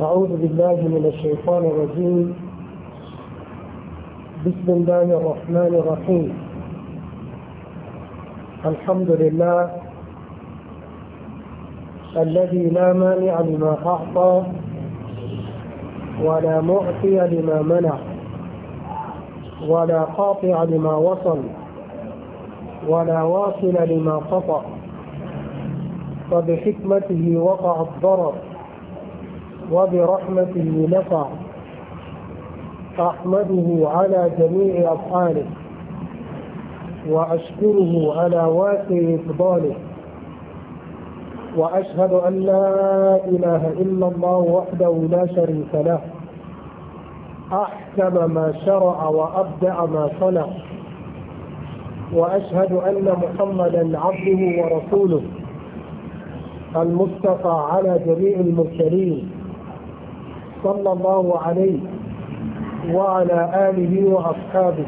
أعوذ بالله من الشيطان الرجيم بسم الله الرحمن الرحيم الحمد لله الذي لا مانع لما أعطى ولا معطي لما منع ولا قاطع لما وصل ولا واصل لما قطع فبحكمته وقع الضرر وبرحمته نفع أحمده على جميع أفعاله وأشكره على واسع فضاله وأشهد أن لا إله إلا الله وحده لا شريك له أحكم ما شرع وأبدع ما صنع وأشهد أن محمدا عبده ورسوله المصطفى على جميع المرسلين صلى الله عليه وعلى آله وأصحابه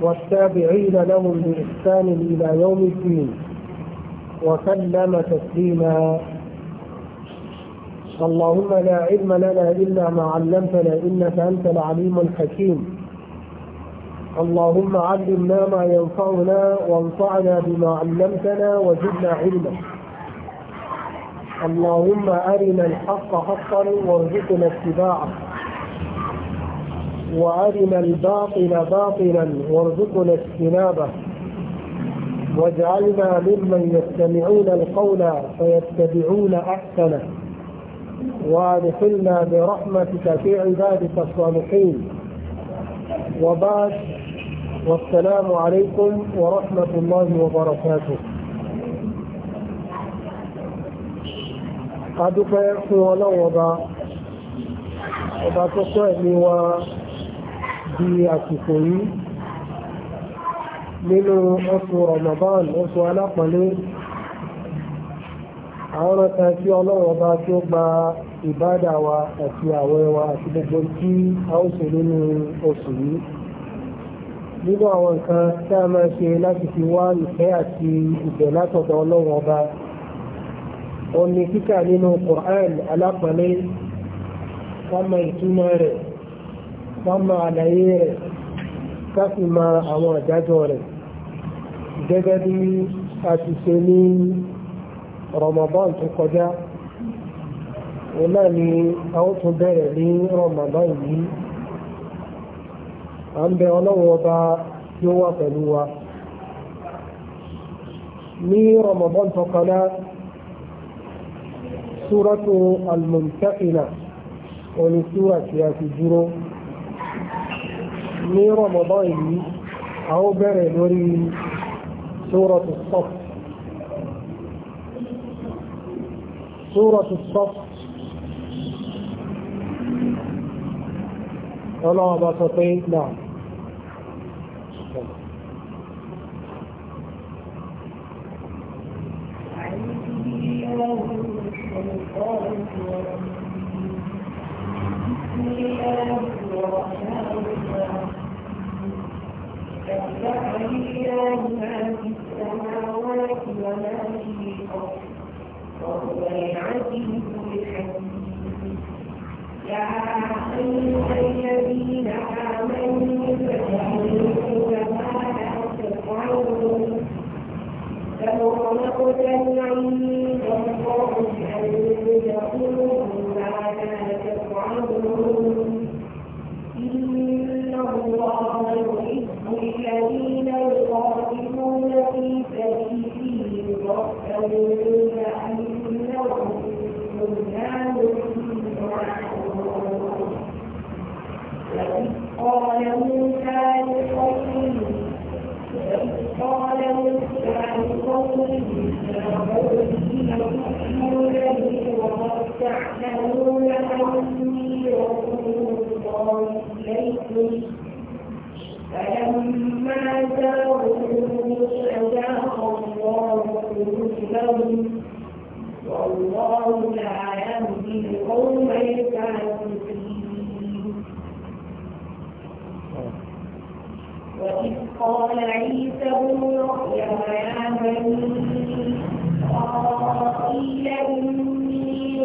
والتابعين لهم بإحسان إلى يوم الدين وسلم تسليما اللهم لا علم لنا إلا ما علمتنا إنك أنت العليم الحكيم اللهم علمنا ما ينفعنا وانفعنا بما علمتنا وزدنا علما اللهم أرنا الحق حقا وارزقنا اتباعه وأرنا الباطل باطلا وارزقنا اجتنابه واجعلنا ممن يستمعون القول فيتبعون أحسنه وادخلنا برحمتك في عبادك الصالحين وبعد والسلام عليكم ورحمة الله وبركاته adúpẹ́ fún ọlọ́run ọba ọba tó kọ́ ẹ̀mí wa di àsìkò yìí nínú oṣù Ramadan oṣù alápọ̀lé àwọn ọ̀tá tí ọlọ́run ọba tí ó gba ìbádà wa àti àwẹ̀ wa àti gbogbo tí a ó ṣe nínú oṣù yìí nínú àwọn nǹkan tí a máa ṣe láti fi wá ìfẹ́ àti ìbẹ̀ látọ̀dọ̀ ọlọ́run ọba òun ni kíkà nínú Qur'an alápọ̀lẹ́ kámọ ìtumọ̀ rẹ̀ kámọ àlàyé rẹ̀ káfí ma àwọn àdájọ́ rẹ̀ gẹ́gẹ́ a ti ṣe ní Ramadan tó ni a ó súrọ́tù almùntàkìnà òní súrà tí a ti dúró ní rọmọdán yìí a ó bẹ̀rẹ̀ lórí súrọ́tù sọ́f súrọ́tù sọ́f ọlọ́wọ́ bá sọ pé náà يا أيها الذين آمنوا لو مقتا عند الله أن يقولوا ما تفعلون إن الله يحب الذين يقاتلون في سبيله ويحسبون أنهم بنيان معكم وإذ قال موسى لقومه وإذ قال موسى والله لا يهدي القوم الكافرين قال عيسى ابن مريم يا بني إسرائيل إني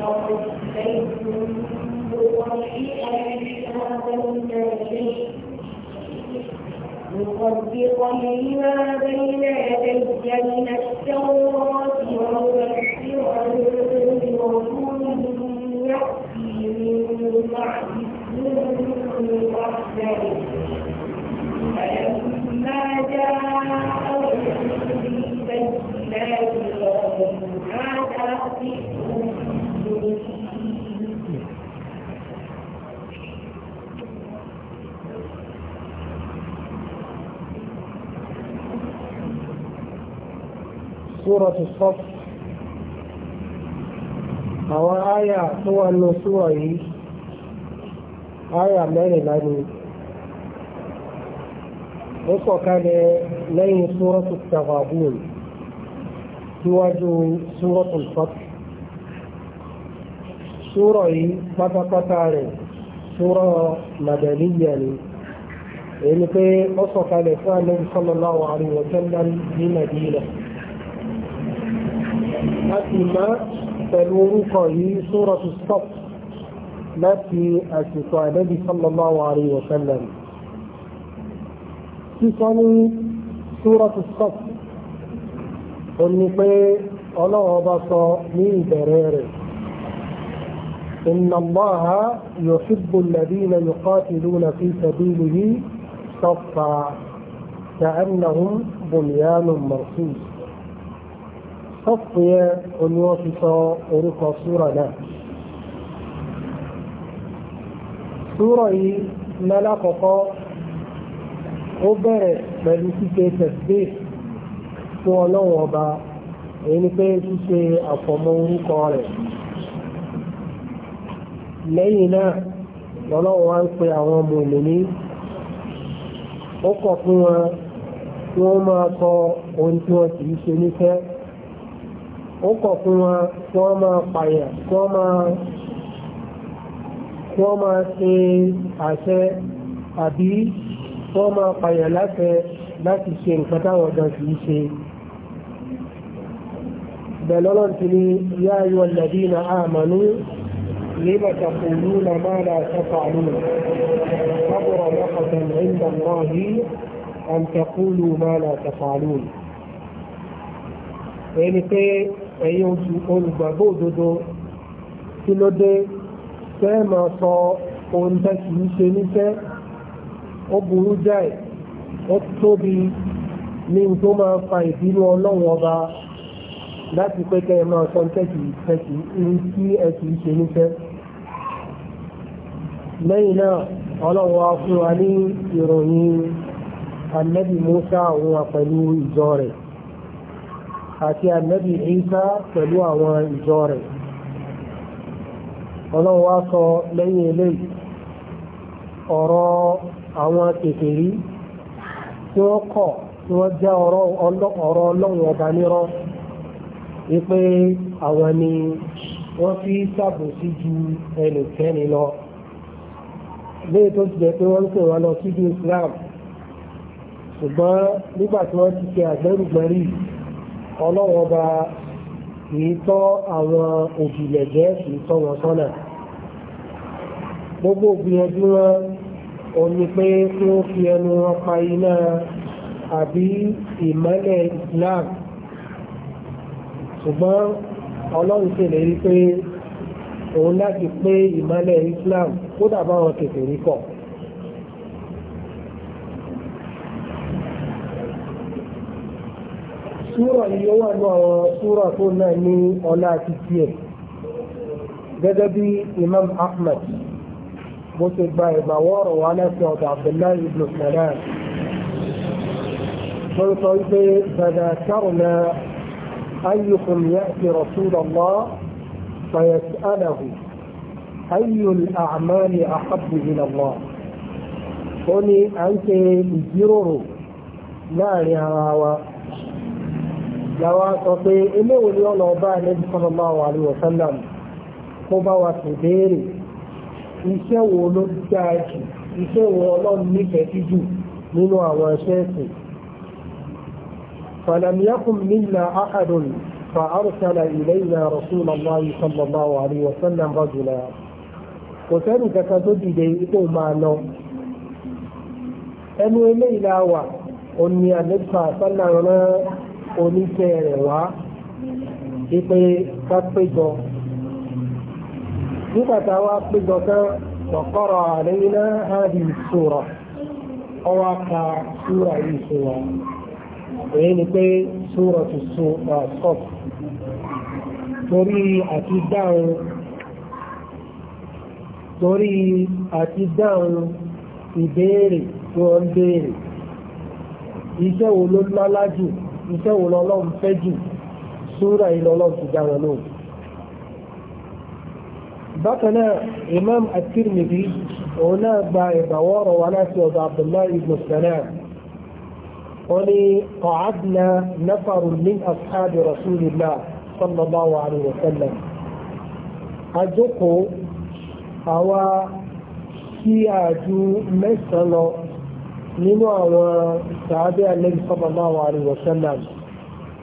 ربكم مصدقا لما بين يدي من التوراه سورة الصف àwọn àyà tó wà nù súwọ̀ yìí àyà mẹ́rin lánìí ó sọ̀kalẹ̀ lẹ́yìn súrọ́tù tàwàbùn síwájú súrọ́tù fọ́tù súrọ̀ yìí pátápátá rẹ̀ súrọ̀ màdàníyà ni èyí pé ó sọ̀kalẹ̀ fún àlejò sallallahu alaihi wa sallam ní Madina. حكم فلورقه سورة الصف التي أشفى النبي صلى الله عليه وسلم تصنع سورة الصف النقي على بصا من برير إن الله يحب الذين يقاتلون في سبيله صفا كأنهم بنيان مرصوص kọ́pù yẹn oní wọ́n fi sọ orúkọ súrà náà súrà yìí lálákọ̀ọ́kọ́ ó bẹ̀rẹ̀ pẹ̀lú ṣíṣe e fún ọlọ́run ọba èyí ni pé ṣíṣe àfọ̀mọ́ orúkọ rẹ̀ lẹ́yìn kọ ó kọ̀ fún wọn kí wọ́n máa pààyàn kí wọ́n máa kí wọ́n máa ṣe àṣẹ àbí kí wọ́n máa pààyàn láṣẹ láti ṣe nǹkan táwọn ọ̀dọ́ kì í ṣe. بلولن تني يا أيها الذين آمنوا لم تقولون ما لا تفعلون كبر مقتا عند الله أن تقولوا ما لا تفعلون èyí ni pé ẹ̀yin olùgbàgbọ́ òdodo kí ló dé tẹ́ máa sọ ohun tẹ́ kì í ṣe níṣẹ́ ó burú jáì ó tóbi ní n tó máa fa ìbínú ọlọ́run ọba láti pé kẹ́ ẹ máa sọ tẹ́ kì í ṣe kí ẹ kì í ṣe níṣẹ́ lẹ́yìn náà ọlọ́run wa fún wa ní ìròyìn annabi musa òun wa ìjọ rẹ̀ àti ànábì Ìsá pẹ̀lú àwọn ìjọ rẹ̀ ọlọ́run wá sọ lẹ́yìn eléyìí ọ̀rọ̀ àwọn kèfèrí tí wọ́n kọ̀ tí wọ́n já ọ̀rọ̀ ọlọ́run ọba nírọ́ wípé àwọn ni wọ́n fi ṣàbòsí ju ẹnìkẹ́ni lọ léyìí tó ti jẹ́ pé wọ́n ń pè wọ́n lọ sí Islam ṣùgbọ́n nígbà tí wọ́n ti ṣe àgbẹ̀rùgbẹ̀rì ọlọ́wọ́n bá kìí tọ́ àwọn òbílẹ̀jẹ́ kìí tọ́ wọn sọ́nà gbogbo ògbìyànjú wọn ò ní pé kí wọ́n fi ẹnu wọn pa iná àbí ìmọ́lẹ̀ Islam ṣùgbọ́n ọlọ́run ṣèlérí pé òun láti pé ìmọ́lẹ̀ Islam kódà báwọn tètè rí kọ̀. súrọ̀ yìí ó wà ní àwọn súrọ̀ tó náà ní ọlá àti tiẹ̀ gẹ́gẹ́ bí imam ahmed bó ṣe gba ìgbà wọ́ọ̀rọ̀ wa láti ọ̀dọ̀ abdullahi ibn salam tó ń sọ wípé bàdà kárùnà ayyukum ya'ti rasulallah fayas'alahu ayyu al-a'mali ahabbu ila ó ní à ń ṣe ìjíròrò láàrin ara wa làwa sọ pé eléwo ni ọ̀nà ọba ẹ̀lẹ́bí sallallahu alaihi wasallam kó bá wa sì béèrè iṣẹ́ wo ló dáa jù iṣẹ́ wo ọlọ́run nífẹ̀ẹ́ sí nínú àwọn iṣẹ́ ẹ̀sìn. فلم يكن منا أحد فأرسل إلينا رسول الله صلى الله عليه وسلم رجلا وكان كتبدي ديئته معنا أنه إليه لا وعد أني أنبقى صلى الله عليه وسلم oníṣẹ́ rẹ̀ wá wípé ká péjọ nígbà táwa tán ọ̀kọ́rọ̀ àlẹ́yìn náà ka yìí èyí ni pé súra so torí àti dáhùn torí tí ń iṣẹ́ wo lọ́lọ́run fẹ́ jù súrà yìí lọ́lọ́run ti dá wọn lóhùn. bákan náà imam at-Tirmidhi òun náà gba ìgbàwọ́ ọ̀rọ̀ wa láti ọ̀dọ̀ abdullahi ibn salam wọ́n ní ọ̀ádìnà nafarun min ashabi rasulillah sallallahu alayhi wa sallam. àjókòó àwa kí àjù mẹ́sàn-án lọ nínú àwọn sàábẹ́ Ànábì sallallahu alaihi wa sallam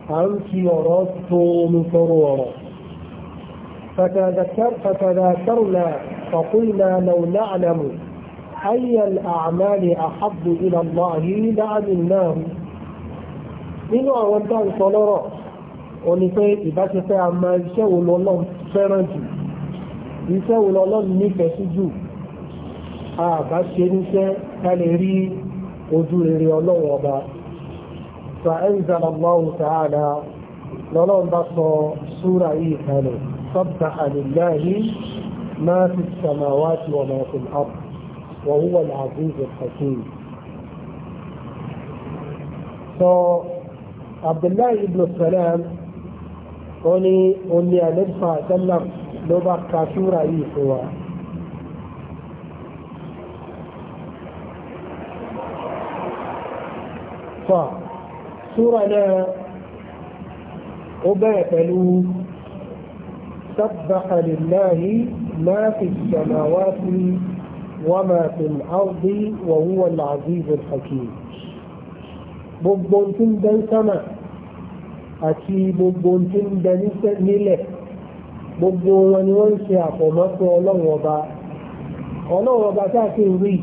à ń fi ọ̀rọ̀ tó omi tọrọ ọ̀rọ̀ فتذكرنا فقلنا لو نعلم أي الأعمال أحب إلى الله لعلمناه nínú àwọn tá ń sọ lọ́rọ̀ o ní pé ìbáṣepẹ́ àbáṣe níṣẹ́ ká lè rí وجوه rere وضع فأنزل الله تعالى lọ́lọ́run bá سورة súra yìí لله ما في السماوات وما في الأرض وهو العزيز الحكيم فعبد الله بن السلام قال قولي لي أنبقى أتلم لو بقى سورة إيه الأنصار سورة لا أباتلوا سبح لله ما في السماوات وما في الأرض وهو العزيز الحكيم بوبونتين دان سما أتي بوبونتين دان نيله gbogbo wọn ni wọ́n ń ṣe àfọ̀mọ́pọ̀ ọlọ́run ọba ọlọ́run ọba tá a ti rí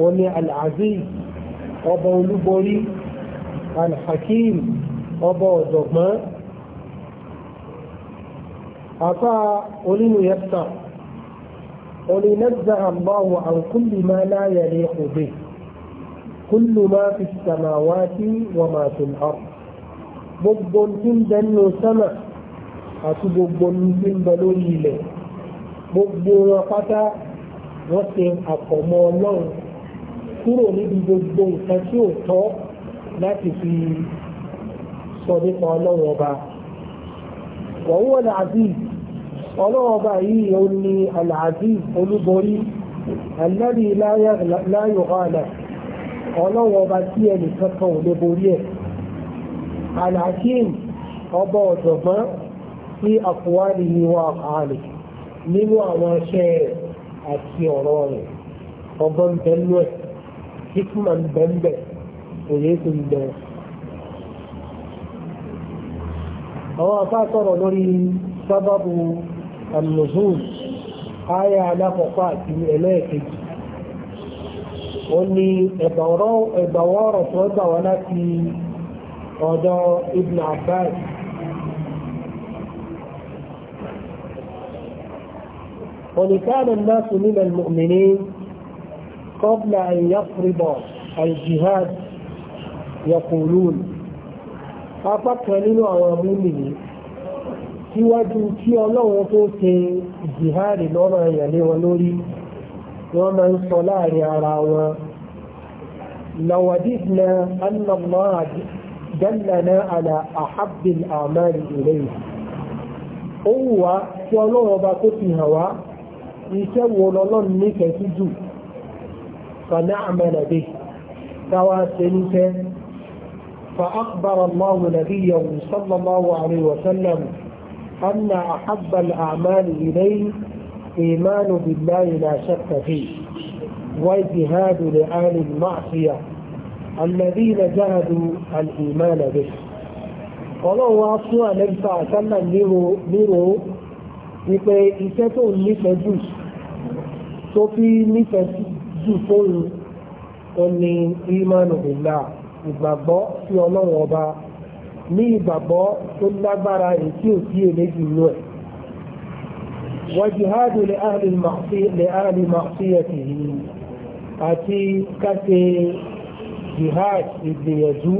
òun ni ọba olúborí alhakim ọba ọ̀jọ̀gbọ́n afa olinu yẹta olinazza allahu an kulli ma la yaliqu bi kullu ma fi samawati wa ma fil ard gbogbo tí ń bẹ nínú sánà àti gbogbo tí ń bẹ lórí ilẹ̀ gbogbo wọn pátá wọ́n ṣe àkọ́mọ́ ọlọ́run kúrò níbi gbogbo nǹkan tí ò tọ́ láti fi sọ nípa ọlọ́run ọba wọ̀wọ́ al-aziz ọlọ́run ọba yìí ó ní al-aziz olúborí alladhi la yughalab ọlọ́run ọba tí ẹnì kankan ò lè borí ẹ̀ al-hakim ọba ọ̀jọ̀gbọ́n sí aqwalihi wa af'alihi nínú àwọn iṣẹ́ àti ọ̀rọ̀ rẹ̀ ọgbọ́n bẹ́lú ẹ̀ hikma ń bẹ ń bẹ òye sì ń bẹ. àwọn afá sọ̀rọ̀ lórí sábàbù an-nuzul aya alákọ̀ọ́kọ́ àti ẹlẹ́ẹ̀kejì وني عبارة وضع ولكن وضع ابن عباس ولكان الناس من المؤمنين قبل أن يفرض الجهاد يقولون apákan nínú àwọn múlìí síwájú kí ọlọ́run tó ṣe jihadi lọ́nà ìyàlẹ́ wọn lórí wọ́n máa ń sọ láàrin ara wọn لوددنا أن الله دلنا على أحب الأعمال إليه ó wù kí ọlọ́run ọba kó fi hàn wá iṣẹ́ wo lọ́lọ́run nífẹ̀ẹ́ sí jù فنعمل به فواسنك فأخبر الله نبيه صلى الله عليه وسلم أن أحب الأعمال إليه إيمان بالله لا شك فيه وجهاد لآل المعصية الذين جهدوا الإيمان به ọlọ́run wá fún àlẹ́bíta àtàlà nírò wípé iṣẹ́ tó سوفي jù jù fóun oní ìmánu ìlà ìgbàgbọ́ sí ọlọ́run ọba ní ìgbàgbọ́ tó lágbára èyí ò sí èméjì inú ẹ̀. وجهاد لأهل المعصية لأهل معصيته àti káṣe jihad ìgbìyànjú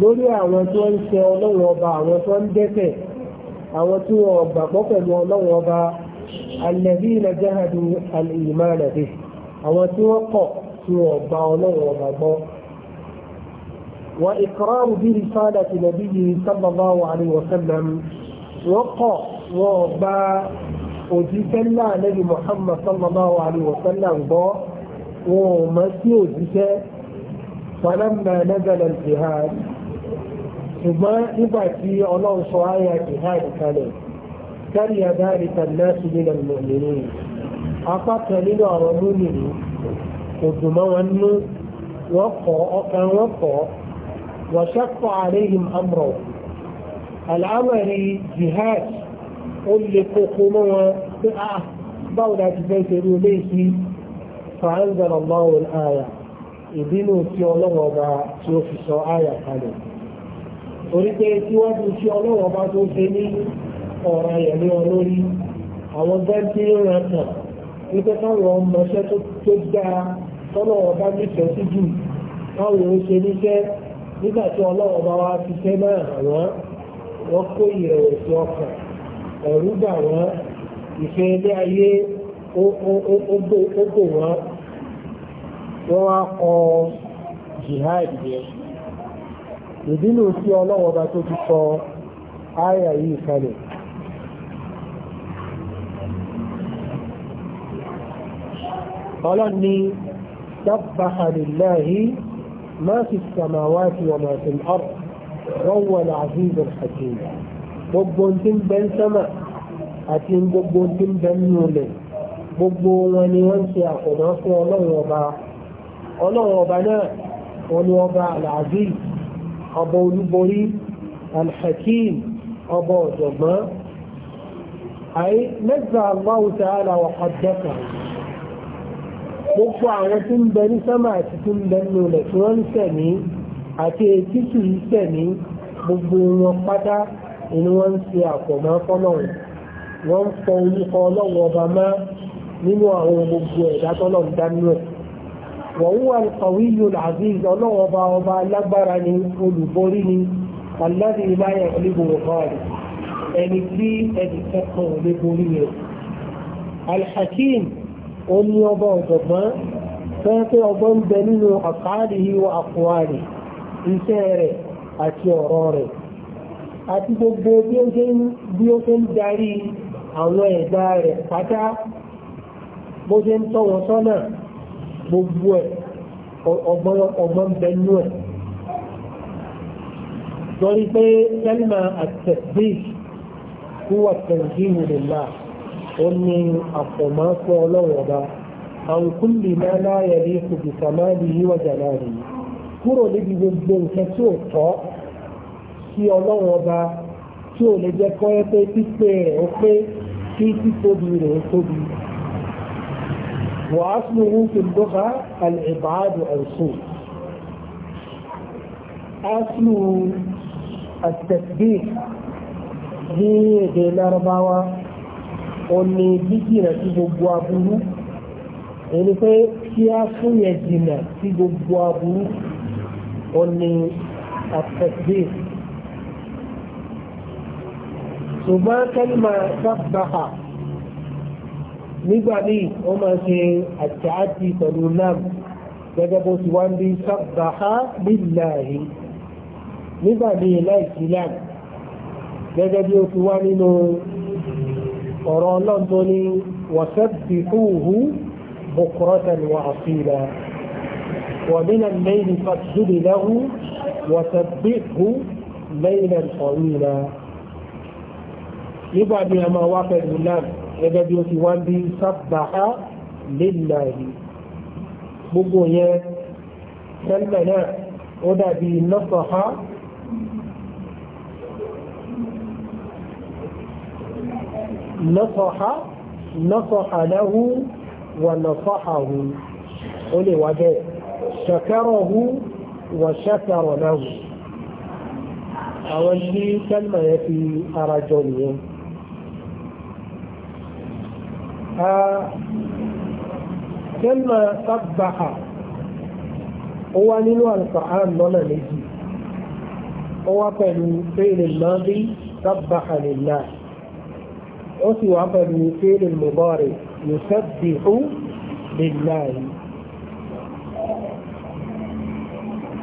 lórí àwọn tó ń ṣe ọlọ́run ọba àwọn tó ń dẹ́ṣẹ̀ àwọn tí wọ́n gbàgbọ́ pẹ̀lú ọlọ́run ọba alladhina jahadu al-imana àwọn tí wọ́n kọ̀ tí wọ́n gba ọlọ́run ọba gbọ́. wọ́n ìkọ́rọ́rù bí rìsáàdà ti nàbí yìí sallallahu alaihi wasallam wọ́n kọ̀ wọ́n gba òjíṣẹ́ náà lẹ́yìn Muhammad sallallahu alaihi wasallam gbọ́ wọn ò mọ̀ sí òjíṣẹ́ falamma nazala al-jihad ṣùgbọ́n nígbà tí ọlọ́run sọ ayé jihad kalẹ̀ kárìyà dáríta náà sí nílẹ̀ mọ̀mìnrin apá kan nínú àwọn múlùmí kò wọn nú wọ́n kọ́ ọkàn wọn kọ́ wọ́n ṣẹ́kọ̀ àríyìn jihad ó lè kókó mọ́ wọn pé ah, a báwo la ti fẹ́ ṣerú léèkì fàánzàrà lọ́wọ́ àyà ìbínú tí ọlọ́wọ́ bá tí ó fi sọ àyà kalẹ̀ torí pé síwájú tí ọlọ́wọ́ bá tó ṣe ní ọ̀rọ̀ ayẹ̀lẹ́ àwọn rẹ̀ wípé káwọn ọmọọṣẹ́ tó dáa tọ́lọ̀ ọba nífẹ̀ẹ́ sí jù káwọn ò ṣe níṣẹ́ nígbà tí ọlọ́wọ́ bá wá náà àwọn wọ́n kó ìrẹ̀wẹ̀sì ọkàn ẹ̀rú bà wọ́n ìfẹ́ ilé ayé ó bò wọ́n wọ́n wá kọ jihad yẹn ìdí nù sí ọlọ́wọ́ tó ti sọ áyà yìí kalẹ̀. ọlọ́run ní sábàá lèláhi máa fi sàmáwá ti wà máa fi ọ̀rọ̀ rọ́wọ́ làzízọ̀ hakim gbogbo tí ń bẹ ń sọ́mà àti gbogbo tí ń bẹ ń nulẹ̀ gbogbo wọn ni wọ́n ṣe àkọ̀dọ̀ fún ọlọ́run ọba ọlọ́run ọba náà wọn ni ọba al ọba olúborí al ọba ọ̀jọ̀gbọ́n àyè mẹ́ta Allahu ta'ala wà ọ̀dẹ́kàá gbogbo àwọn tí ń bẹ ní sánmà àti tí ń bẹ nínú rẹ̀ tí wọ́n ń sẹ̀mí àti etí kì í sẹ̀mí gbogbo wọn pátá ni wọ́n ń ṣe àpọ̀mọ́ fọ́lọ́run wọ́n ń fọ orúkọ ọlọ́run ọba má nínú àwọn gbogbo ẹ̀dá tọ́lọ̀ ń dá nínú wọ́n wà qawiyyul aziz ọlọ́run ọba ọba alágbára ni olùborí ni alladhi la yaghlibuhu ẹni tí ẹnì kẹ́kọ̀ọ́ ó ní ọba ọ̀jọ̀gbọ́n fẹ́ pé ọgbọ́n ń bẹ nínú àkáàdì ìwọ àkùnwárì iṣẹ́ rẹ̀ àti ọ̀rọ̀ rẹ̀ àti gbogbo bí ó ṣe ń darí àwọn ẹ̀dá rẹ̀ pátá bó ṣe ń tọ́ wọn sọ́nà gbogbo ẹ̀ ọgbọ́n ń bẹ nínú ẹ̀ lórí pé tẹ́lìmà àtẹ̀síì kúwà tẹ̀síì nìlá ó ní àfọ̀mọ́fọ́ ọlọ́run ọba àwọn kúlì máa láàyè ní ipò bìtàmáàlì yíwọ̀ jàmáàlì yìí kúrò níbi gbogbo nǹkan tí ò tọ́ sí ọlọ́run ọba tí ò lè jẹ́ kọ́ ẹ pé pípé rẹ̀ ó pé kí títóbi rẹ̀ ó tóbi. وأصله في اللغة الإبعاد الصوت أصل التسبيح هي دي الأربعة ó ní jíjìnà sí gbogbo aburú ẹni pé kí á fún yẹn jìnà sí gbogbo aburú ó ní àtẹ̀síbẹ̀ ṣùgbọ́n kẹ́lìmà sábàá nígbà míì ó máa ṣe àtàtì pẹ̀lú náà gẹ́gẹ́ bó ti wá ń bí sábàá lílàhí nígbà láìsí náà gẹ́gẹ́ bí ó ti wá nínú ọ̀rọ̀ ọlọ́dọ̀ ni wasabbihuhu bukratan wa asila wa min al-layli fasjud lahu wasabbihuhu laylan tawila nígbà ni a máa wá pẹ̀lú náà gẹ́gẹ́ bí ó ti wá bí sábàá lillahi gbogbo yẹn tẹ́lẹ̀ náà ó dàbí nasaha نصح نصح له ونصحه قولي وجاء شكره وشكر له أول شيء كلمة في أرجل كلمة صبح هو نلو القرآن ولا نجي هو فعل الماضي صبح لله أتوى من فعل المضارع يسبح لله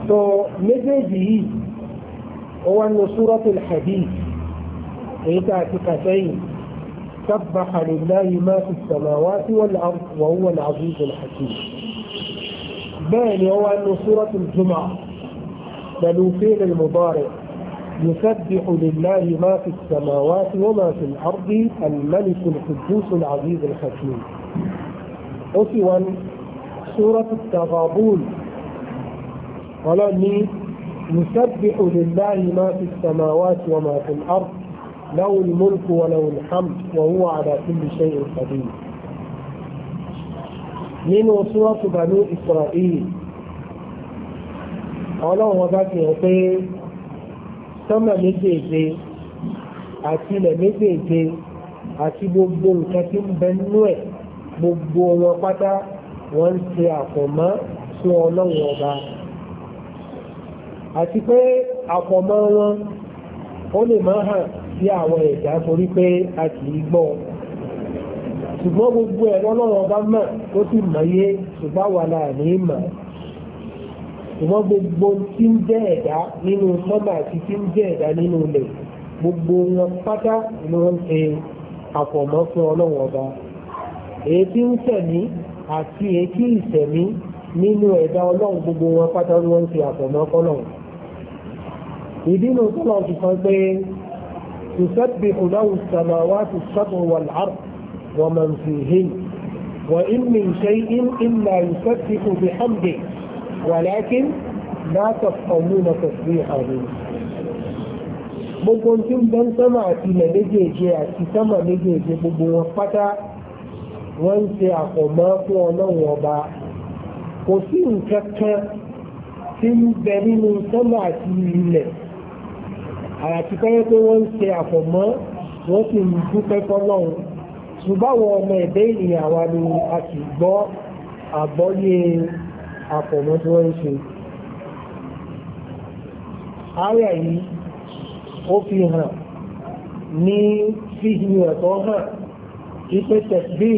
So, message is, هو أن سورة الحديث إذا أعتقدين سبح لله ما في السماوات والأرض وهو العزيز الحكيم. بين هو أن سورة الجمعة بل فعل المضارع يسبح لله ما في السماوات وما في الأرض الملك القدوس العزيز الحكيم أسوا سورة التغابون قال يسبح لله ما في السماوات وما في الأرض له الملك وله الحمد وهو على كل شيء قدير من سورة بنو إسرائيل ọlọ́run وذاك يعطيه sọ́mà méjèèje àti ilẹ̀ méjèèje àti gbogbo nǹkan tí ń bẹ nínú ẹ̀ gbogbo wọn pátá wọ́n ń ṣe àfọ̀mọ́ fún ọlọ́run ọba àti pé àfọ̀mọ́ wọn ó lè máa hàn sí àwọn ẹ̀dá torí pé a kì í gbọ́ ṣùgbọ́n gbogbo ẹ̀rọ ọlọ́run ọba mọ̀ ó sì mọ̀ yé ṣùgbọ́n wà láàrin mọ̀ ṣùgbọ́n gbogbo tí ń jẹ́ ẹ̀dá nínú sọ́mà àti tí ń jẹ́ ẹ̀dá nínú ilẹ̀ gbogbo wọn pátá ni wọ́n ń ṣe àfọ̀mọ́ fún ọlọ́run ọba èyí tí ń sẹ̀mí àti èyí tí ìsẹ̀mí nínú ẹ̀dá ọlọ́run gbogbo wọn pátá ni wọ́n ṣe àfọ̀mọ́ fọlọ́run ìdínú tọ́lọ̀ ti sọ pé تسبح له السماوات السبع والأرض ومن فيهن وإن من شيء إلا يسبح بحمده ولكن لا تفهمون تسبيحهم gbogbo tí ń bẹ ń sọ́mà àti ilẹ̀ méjèèjì àti sọ́mà méjèèjì gbogbo wọn pátá wọ́n ń ṣe àpọ̀mọ́ fún ọlọ́run ọba kò sí nǹkan kan tí ń bẹ nínú sọ́mà àti ilẹ̀ àyàtí pẹ́yẹ́ pé wọ́n ń ṣe àpọ̀mọ́ wọ́n sì ń dúpẹ́ fọlọ́run ṣùgbọ́n àwọn ọmọ ẹ̀dẹ́ ìrìn àwa ni a sì gbọ́ àgbọ́yé àpọ̀mọ́ tí wọ́n ń ṣe ààrẹ yìí ó fi hàn ní fíhìmì ẹ̀tọ́ hàn ipe tẹ̀sí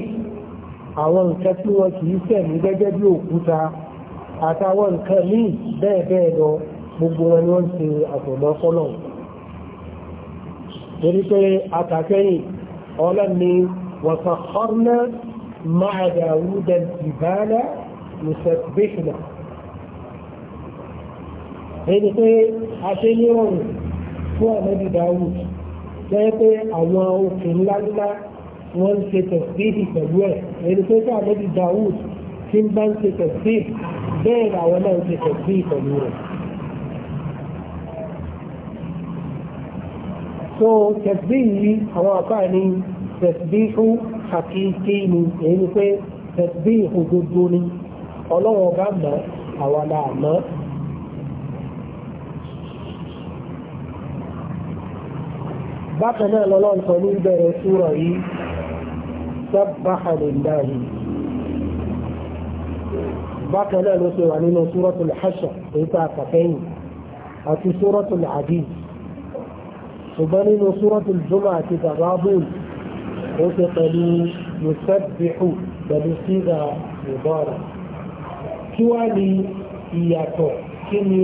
àwọn nǹkan tí wọ́n kìí sẹ̀mí gẹ́gẹ́ bí òkúta àtàwọn nǹkan míì bẹ́ẹ̀ bẹ́ẹ̀ lọ gbogbo wọn ni wọ́n ń ṣe àpọ̀mọ́ fọ́nà torí pé àtàkẹ́yìn ọlọ́ni wọ̀sàkọ́rná máa dàrú dẹ̀ يسبحنا ẹni pé a ṣe ní ọ̀rùn fún ànábì Dawud jẹ́ pé àwọn òkè ńlá ńlá wọ́n ń ṣe tẹ̀síìdì pẹ̀lú ẹ̀ ẹni pé fún ànábì Dawud tí ń bá ń ṣe tẹ̀síìdì bẹ́ẹ̀ làwọn náà ń ṣe tẹ̀síìdì pẹ̀lú rẹ̀. so tẹ̀síìdì yìí àwọn àpá ní tẹ̀síìdì fún àkíkí ni èyí ni pé tẹ̀síìdì òdodo ni ọlọ́run ọba mọ̀ àwa la mọ̀. bákan náà lọ́lọ́run sọ ní ìbẹ̀rẹ̀ súrọ̀ yìí سبح لله bákan náà ló ṣe wà nínú súrọ́tù lẹ́ṣọ̀ èyí tá a kàfẹ́yìn àti súrọ́tù lẹ́àdì ṣùgbọ́n nínú súrọ́tù lẹ́jọ́mọ̀ àti tàbábùn ó ṣe pẹ̀lú yusuf bihu pẹ̀lú síga ìbọ̀rọ̀ kí wá ní ìyàtọ̀ kí ni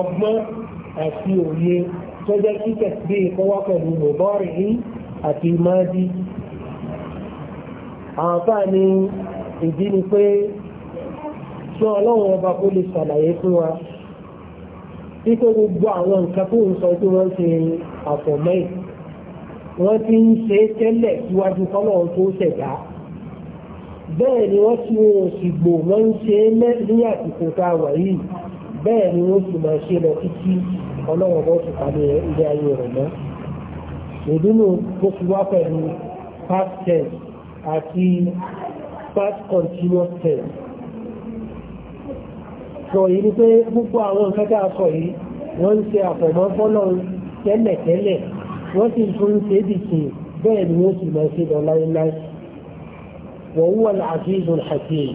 ọgbọ́n àti òye tó jẹ́ kí tẹ̀sí ìkọwá pẹ̀lú mọ̀bọ́rì yìí àti máàdí àǹfàà ni ìdí ni pé tí ọlọ́run ọba kó lè ṣàlàyé fún wa títí gbogbo àwọn nǹkan tó ń sọ tí wọ́n ṣe àfọ̀mọ́ ẹ̀ wọ́n ti ń ṣe tẹ́lẹ̀ síwájú kọ́lọ́run tó ṣẹ̀dá bẹ́ẹ̀ ni wọ́n ti wọ́n sì gbò wọ́n ń ṣe ní àsìkò tá a wà yìí bẹ́ẹ̀ ni wọ́n sì máa ṣe lọ títí ọlọ́wọ́ bọ́ sì pàdé ilé ayé rẹ̀ mọ́. ìdúnnù bó ti wá pẹ̀lú past tense àti past continuous tense. sọ yìí ni pé púpọ̀ àwọn nǹkan tá a sọ yìí wọ́n ń ṣe àfọ̀mọ́ fọ́nà tẹ́lẹ̀tẹ́lẹ̀ wọ́n sì tún ń ṣe é dìkì bẹ́ẹ̀ ni wọ́n sì máa ṣe lọ láéláé. وهو العزيز الحكيم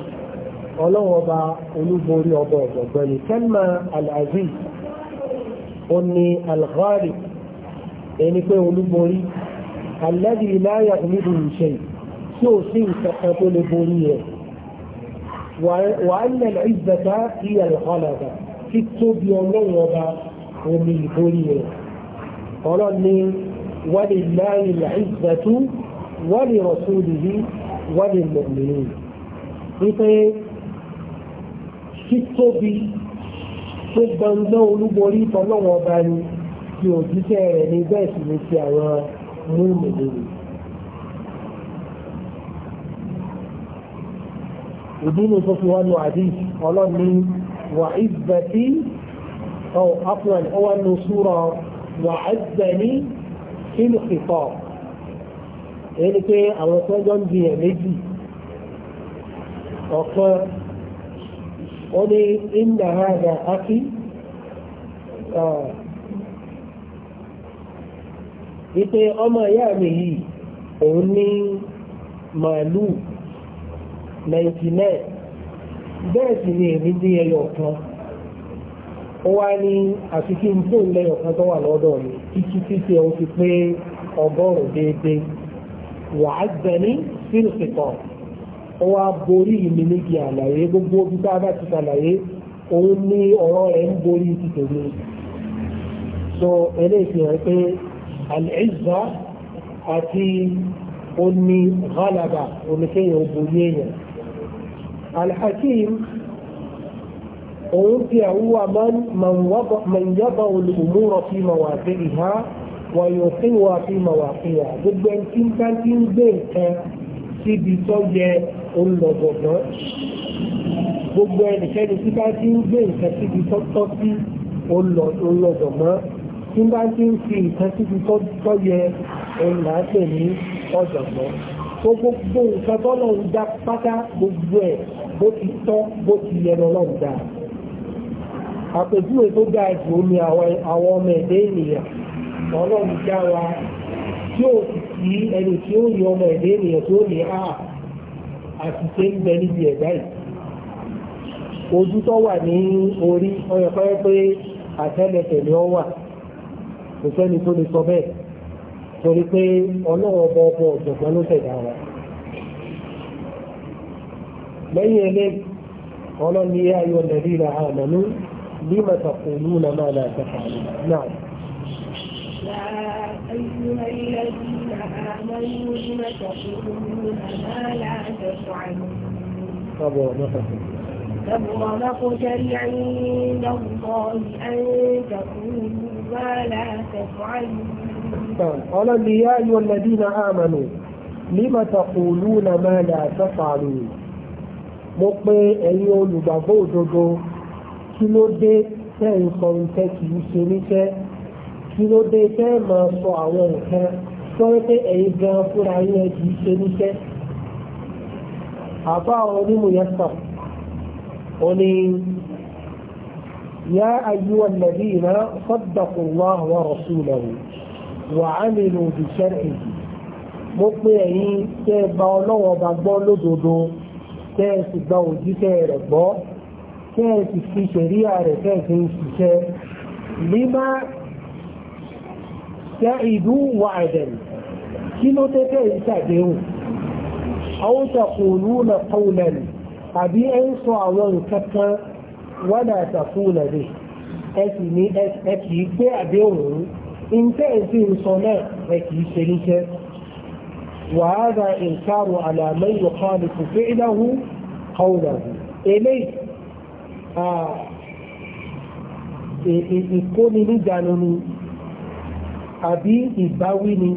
ọlọ́run ọba olúborí ọba ọ̀gbọ̀gbọ́n ni kẹ́mà al-aziz ó ní al-ghalib ẹni pé olúborí alladhi la yaghlibuhu shay tí ó sí ìkẹ́kẹ́ tó lè borí rẹ̀ wa anna al-izzata hiya al-ghalaba tí tóbi ọlọ́run ọba omi ìborí rẹ̀ ọlọ́run ni wa lillahi al-izzatu wa li rasulihi wọ́n lè mọ̀ nìyí wípé títóbi tó gbọ́ndọ́ olúborí tọ́lọ́wọ́ ọba ni ti òjíṣẹ́ rẹ̀ ní bẹ́ẹ̀ sì ni ti àwọn múlùmọ̀lẹ́ rẹ̀. ìdí ni tó fi wọ́n lo àdí ọlọ́ni wà ìgbàtí ọ̀ afúnà ọwọ́ nu súrọ̀ wà ẹgbẹ̀ni sínú ìtọ́. èyí ni pé àwọn tó jọ ń jiyàn méjì ọ̀kan ó ní ìnà àgbà ákí wípé ọmọ ìyá mi yìí òun ní màálù 99 bẹ́ẹ̀ sì ni èmi dí ẹyọ kan ó wá ní àfi tó lẹ́yọ kan tó wà lọ́dọ̀ mi títí títí pé wàhálàní fílfìtọ̀ ó wá borí mi níbi àlàyé gbogbo ibi tá a bá ti ṣàlàyé òun ní ọ̀rọ̀ rẹ̀ ń borí ti tèmi so eléyìí fi hàn pé àlẹ́zà àti oní ghalaba oníkéyàn borí èèyàn alhakim òun fi àwọn man yaba olùmúrọ̀ fi mọ̀wá sí ìhá wọ́n yóò fi wọ́n fi mọ̀ wá fi wà gbogbo ẹni tí ń bá ti ń gbé nǹkan síbi tó yẹ olùlọ̀gbọ̀gbọ́n gbogbo ẹnikẹ́ni tí bá ti ń gbé nǹkan síbi tó tọ́ sí olùlọ̀gbọ̀gbọ́n tí bá ti ń fi nǹkan síbi tó yẹ olùlàápè ní ọ̀jọ̀gbọ́n gbogbo nǹkan tó lọ ń dá pátá gbogbo ẹ̀ bó ti tọ́ bó ti yẹ lọ lọ́ọ̀ àpèjúwe tó dáa jù ní àwọn ọmọ ẹ̀dẹ́ ènìyàn ọlọ́run já wa tí ó sì sí ẹni tí ó yọ ọmọ ẹ̀dẹ́ ènìyàn tó ó lè á ah, àtìṣe ń bẹ níbi ẹ̀dá yìí ojú tó wà ní orí ọyọ pẹ́ pé àtẹ́lẹsẹ̀ ni ó wà kò sẹ́ni tó lè sọ bẹ́ẹ̀ torí pé ọlọ́run ọba ọba ọ̀jọ̀gbọ́n ló wa lẹ́yìn ọlọ́run ní ayọ̀ nàìjíríà àmàlú bí màtàkùn náà لا تفعلون كبر مقتا عند الله أن تقولوا ما لا تفعلون قال لي يا أيها الذين آمنوا لم تقولون ما لا تفعلون mo pe ẹ̀yin olùgbàgbọ́ òdodo kí ló dé tẹ́ ń sọ ṣe níṣẹ́ kí ló dé tẹ́ máa sọ àwọn nǹkan tó ń pé ẹ̀yin gan fúnra yín ẹ kì í ṣe níṣẹ́ àbá onímù yẹn sàn ó ní يا أيها الذين صدقوا الله ورسوله وعملوا بشرعه mo pe ẹ̀yin tẹ́ ẹ gba ọlọ́wọ́ bá gbọ́ lódodo tẹ́ ẹ sì gba òjíṣẹ́ rẹ̀ gbọ́ tẹ́ ẹ sì fi ṣẹ̀ríà rẹ̀ tẹ́ ẹ fi ń ṣiṣẹ́ lima تعدوا وعدا كيلو تكاين تعدوا أو تقولون قولا أبي أنسوا أولا كتا ولا تقول به أتني أتني تعدوا إن تأذين صلاة أتني شركة وهذا إنكار على من يخالف فعله قوله إليه آه. إيه إيه إيه إيه àbí ìbáwí ni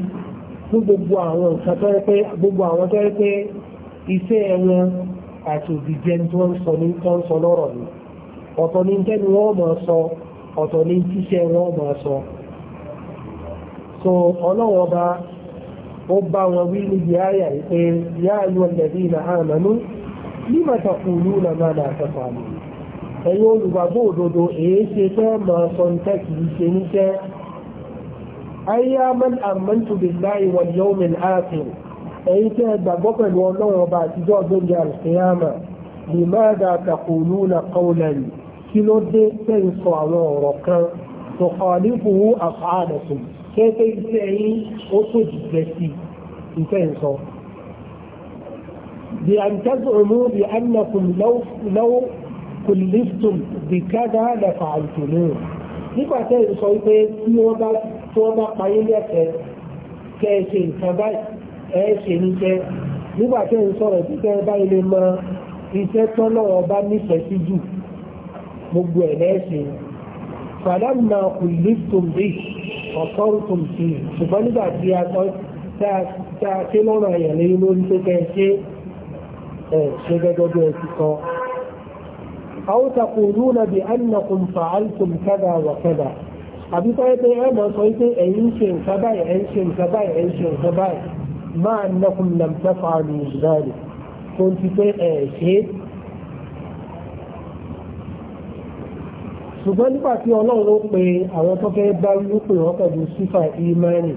fún gbogbo àwọn nǹkan tó yẹ gbogbo àwọn tó yẹ àti tó ń sọ ní tó ń sọ lọ́rọ̀ ni ọ̀tọ̀ ní tẹ́nu wọ́n máa sọ ọ̀tọ̀ ní sọ so ọlọ́wọ́ bá ó bá wọn wí níbi na pé yá ayú ọ̀lẹ́bí ìlà àmàlú nígbà òdodo ṣe sọ ní ayyaman amantu billahi wal yawmil akhir èyí tẹ́ gbàgbọ́ pẹ̀lú ọlọ́run ọba àtijọ́ ọdún di alkiyama limadha taquluna qawlan kí ló dé tẹ́ ń sọ àwọn ọ̀rọ̀ kan tó khalifuhu af'alakum kẹ́kẹ́ iṣẹ́ yín ó tó jìjẹ sí ìfẹ́ ń sọ. bí an taz'umu bí annakum law kulliftum bí kada la fa'altumuhu nípa tẹ́ sọ pé tí wọ́n bá tí wọ́n bá payé lẹ́kẹ̀ kẹ́ ẹ ṣe nǹkan báyìí ẹ ṣe níṣẹ́ nígbà tí ń sọ̀rọ̀ tí kẹ́ ẹ báyìí lè mọ iṣẹ́ tọ́lọ́wọ́ bá nífẹ̀ẹ́ sí jù gbogbo ẹ̀ lẹ́ẹ̀ṣẹ̀ fàdámà kò lifton bí ọ̀tọ́rù tó ti ṣùgbọ́n nígbà tí a ṣe lọ́rọ̀ ẹ̀yàn lé lórí pé kẹ́ ṣe ẹ̀ ṣe gẹ́gẹ́ bí ti kọ́ أو تقولون بأنكم فعلتم كذا وكذا àbí tó yẹ pé ẹ mọ̀ sọ pé ẹ̀yin ń ṣe nǹkan báyìí ẹ̀ ń ṣe nǹkan báyìí ẹ̀ ń ṣe nǹkan báyìí máa ń lọ́kùn làm tẹ́fà ní ìdáàlì tó ń ti pé ẹ̀ ṣe é. ṣùgbọ́n nígbà tí ọlọ́run ó pe àwọn tó fẹ́ bá wí pé wọ́n pẹ̀lú sífà ìmánì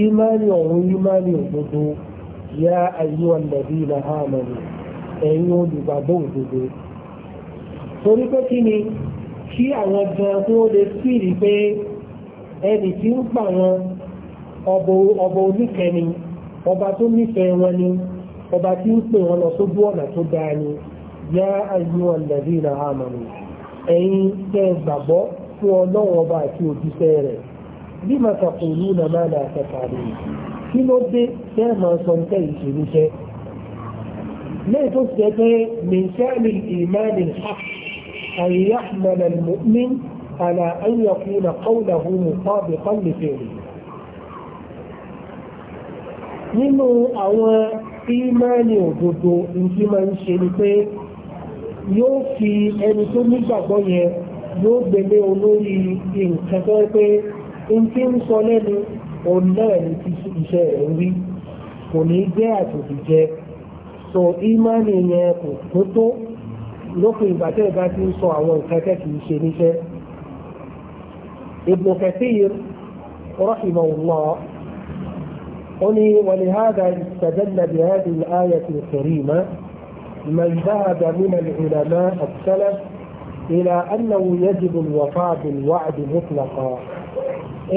ìmánì ọ̀hún ìmánì òdodo yá ayé ọ̀lẹ́bí ilẹ̀ hàmẹ́ni ẹ̀yin olùgbàgbọ́ òdodo. torí pé kí ni kí àwọn gan tó lè fìrí pé ẹni tí ń pa wọn ọba oníkẹni ọba tó nífẹ̀ẹ́ wọn ni ọba tí ń pè wọn lọ sójú ọ̀nà tó dáa ni yá àyíwọ̀ ọ̀lẹ́bí na àmàlù ẹ̀yin tẹ́ gbàgbọ́ fún ọlọ́run ọba àti òjíṣẹ́ rẹ̀ bí màtàkùn ìlú nàmánà àtẹ̀kàrí kí ló dé tẹ́ máa sọ nǹkan ìṣèlú jẹ́ lẹ́yìn tó ṣe pé mìíṣẹ́ mi ìmáàlì hàkì أن يحمل المؤمن على أن يكون قوله مطابقا لفعله nínú àwọn ìmáàlì òdodo nǹkí ma ń ṣe ni pé yóò fi ẹni tó nígbàgbọ́ yẹn yóò gbélé olórí nǹkan tó pé nǹkí ń sọ lẹ́nu òun náà ti iṣẹ́ rẹ̀ rí kò ní jẹ́ so ìmáàlì yẹn kò tó lópin ìgbà tẹ́ ẹ̀ bá ti ń sọ àwọn nǹkan tẹ́ kì í ṣe níṣẹ́. Ibn Kathir rahimahullah قني ولهذا استدل بهذه الآية الكريمة من ذهب من العلماء السلف إلى أنه يجب الوفاء بالوعد مطلقا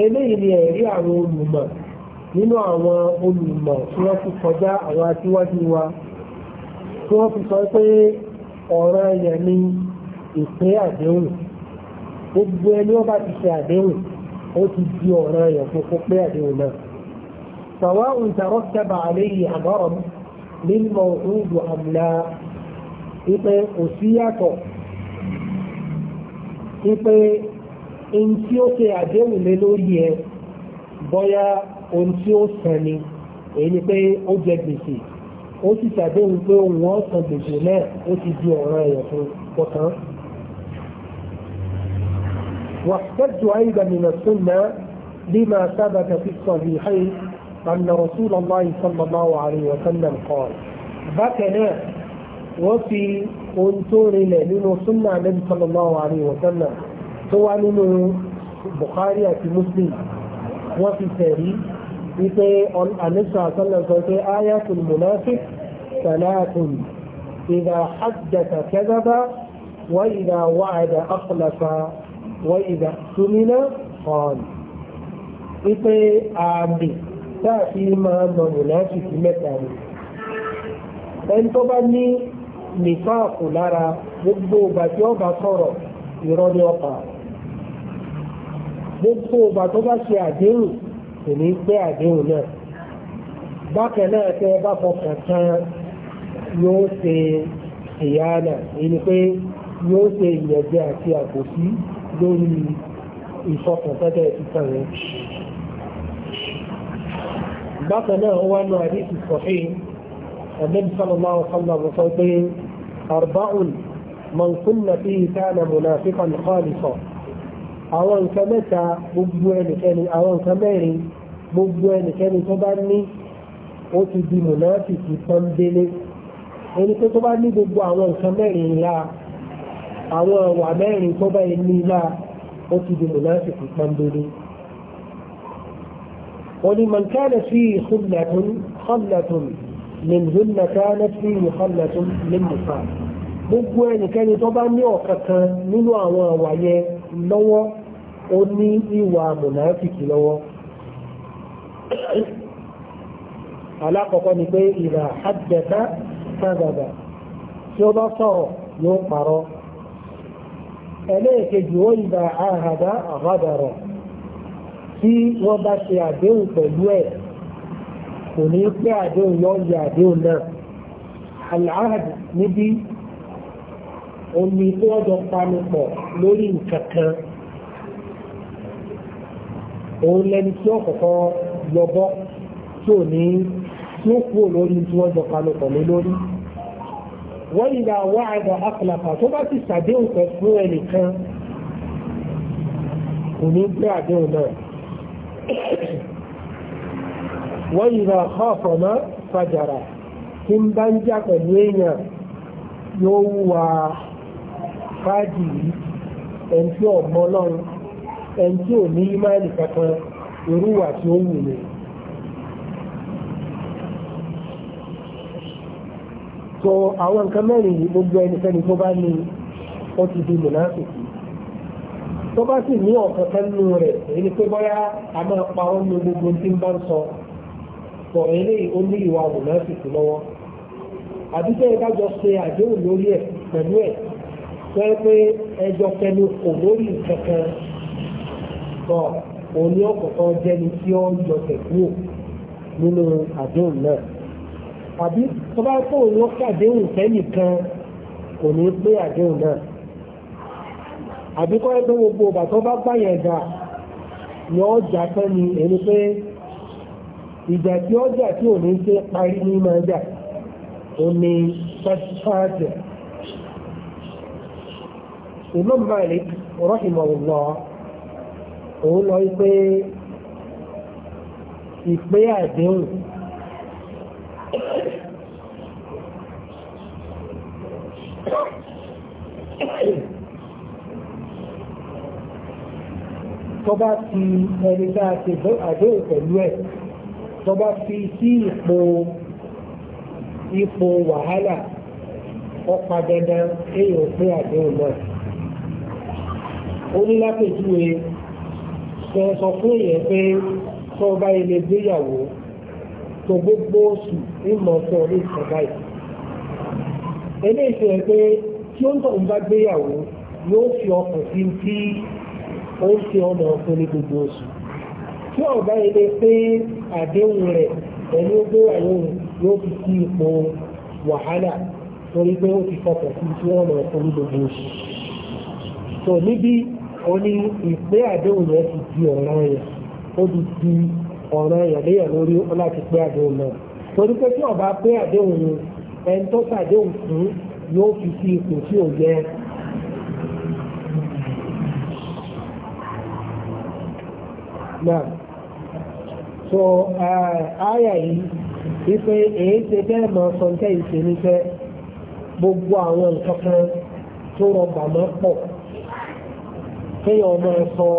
eléyìí ni ẹ̀rí àwọn olùmọ̀ nínú àwọn olùmọ̀ tí wọ́n ti kọjá àwọn aṣíwájú wa tí wọ́n fi sọ pé ọ̀ràn yẹn ní ìpín àdéhùn gbogbo ẹni wọ́n bá ti ṣe àdéhùn ó ti di ọ̀ràn yẹn fún pé àdéhùn náà سواء ترتب عليه ضرر للموعود أم لا ipe òsíyàtọ̀ ipe ohun tí ó ṣe àdéhùn lé lórí ẹ bọ́yá ohun tí ó sàn ni èyí ni pé ó jẹ gbèsè ó sì ṣàdéhùn pé òun ọ̀sán gbèsè náà ó ti di ọ̀ràn ẹ̀yẹ̀ fún kọ̀tán. واحتج أيضا من السنة لما ثبت في الصحيحين أن رسول الله صلى الله عليه وسلم قال بكنا وفي أنتون لأنه سنة النبي صلى الله عليه وسلم سواء البخاري أو مسلم وفي تاريخ wípé àníṣà sọ́lọ̀ sọ pé ayatul munafiq salatun idha hajjata kadhaba wa idha wa'ada akhlafa wa idha tumina qala wípé àmì táàfi máa mọ munafiq mẹ́ta ni ẹni tó bá ní nìfáàkù lára gbogbo ìgbà tí ó bá sọ̀rọ̀ ìrọ́ ni gbogbo ìgbà tó bá ṣe àdéhùn kò ní pé àdéhùn náà bákan náà tẹ bá fọkàn tán yóò ṣe ìyáàna èyí pé yóò ṣe ìyẹ̀jẹ̀ àti àbòsí lórí ìfọkàntẹ́tẹ́ ìtàn rẹ̀. bákan náà wọ́n nù àdéhùn sọ̀hìn النبي صلى الله عليه وسلم أربع من كن فيه كان منافقا خالصا àwọn nǹkan mẹ́ta gbogbo ẹnikẹ́ni àwọn nǹkan mẹ́rin gbogbo ẹnikẹ́ni tó bá ní ó ti di mùnáfìkì tán délé ẹni tó tó bá ní gbogbo àwọn nǹkan mẹ́rin ńlá àwọn ọ̀wà mẹ́rin tó bá ní ńlá ó ti di mùnáfìkì tán délé. ولمن كان فيه خلة خلة من ذل كانت فيه خلة من نفاق gbogbo ẹnikẹ́ni tó bá ní ọ̀kankan nínú àwọn àwàyẹ lọ́wọ́ ó ní ìwà mùnàfíkì lọ́wọ́ alákọ̀ọ́kọ́ ni pé ìlà àjẹta kàgàgà tí ó bá sọ̀rọ̀ yóò parọ́ ẹlẹ́ẹ̀kejì ó ìlà àhàdá àbádàrọ̀ tí wọ́n bá ṣe àdéhùn pẹ̀lú ẹ̀ kò ní pé àdéhùn yọ ya àdéhùn náà àlàáhàdì níbi omi tí wọ́n jọ panu pọ̀ lórí nǹkan kan òun lẹni tí wọ́n kọ́kọ́ yọbọ́ tí ò ní tí ó kúrò lórí tí wọ́n jọ panu pọ̀ lé lórí wọ́n ìlà wá àgbà akọlàpà tó bá ti ṣàdéhùn pẹ̀ fún ẹnìkan kò ní gbé àdéhùn náà wọ́n ìlà ọ̀fọ̀mọ́ fàjàrà tí ń bá ń jà pẹ̀lú èèyàn yóò wúwa fáàjì yìí ẹni tí ọmọ ọlọ́run ẹni tí ò ní ìmáìlì kankan irú wà tí ó wù mí. so àwọn nǹkan mẹ́rin yìí gbogbo ẹnikẹ́ni tó bá ní ó ti di mùnáfìkì tó bá sì ní ọ̀kan kan nínú rẹ̀ èyí ni pé bóyá a máa pa ọ́ ní gbogbo tí ń bá ń sọ pọ̀ eléyìí ó ní ìwà mùnáfìkì lọ́wọ́ àbíkẹ́ ìbájọ ṣe àdéhùn lórí ẹ̀ pẹ̀lú ẹ̀ fẹ́ pé ẹjọ́ kẹnu kò lórí kankan sọ òun ní ọ̀kọ̀ọ̀kan jẹ́ni tí ó ń yọ tẹ̀kúrò nínú àdéhùn náà àbí tó bá kó òun ó kàdéhùn sẹ́nìkan kò ní pé àdéhùn náà àbí kọ́ ẹgbẹ́ gbogbo ọba tó bá báyẹn dà ni ó jà tán ni ẹni pé ìjà tí ó jà tí ò ṣe parí ní máa jà ó ní Imam Malik rahimahullah òun lọ pé ìpè àdéhùn tọ́ba ti ẹni tá a ti àdéhùn pẹ̀lú ẹ̀ tọ́ba fi sí ipò ipò wàhálà ọ̀pá dandan kéèyàn pé àdéhùn náà. ó ní lápèjúwe sọ sọ fún èèyàn pé tó bá ilé gbéyàwó tó gbogbo oṣù ìmọ̀ sọ ní ìsọ̀bá yìí eléyìí sọ pé tí ó ń tọ̀ ń bá gbéyàwó yóò fi ọkàn sí tí ó ń fi ọ̀nà ọ̀fun ní gbogbo oṣù tí ọ̀bá ilé pé àdéhùn rẹ̀ pẹ̀lú gbéyàwó yóò fi sí ipò wàhálà torí pé ó ti fọkàn sí tí ọ̀nà ọ̀fun ní gbogbo oṣù. tò níbi ó ní ìpè àdéhùn yẹn ti di ọ̀ràn yẹn ó ti di ọ̀ràn yẹn léyàn lórí láti pé àdéhùn náà torí pé tí ọba pé àdéhùn ni ẹni tó ṣàdéhùn fún yóò fi sí ipò tí ò yẹ so eh, àyà yìí wípé èyí ṣe bẹ́ẹ̀ fẹ́ gbogbo àwọn nǹkan kan tó rọgbà pọ̀. kéèyàn ọmọ sọ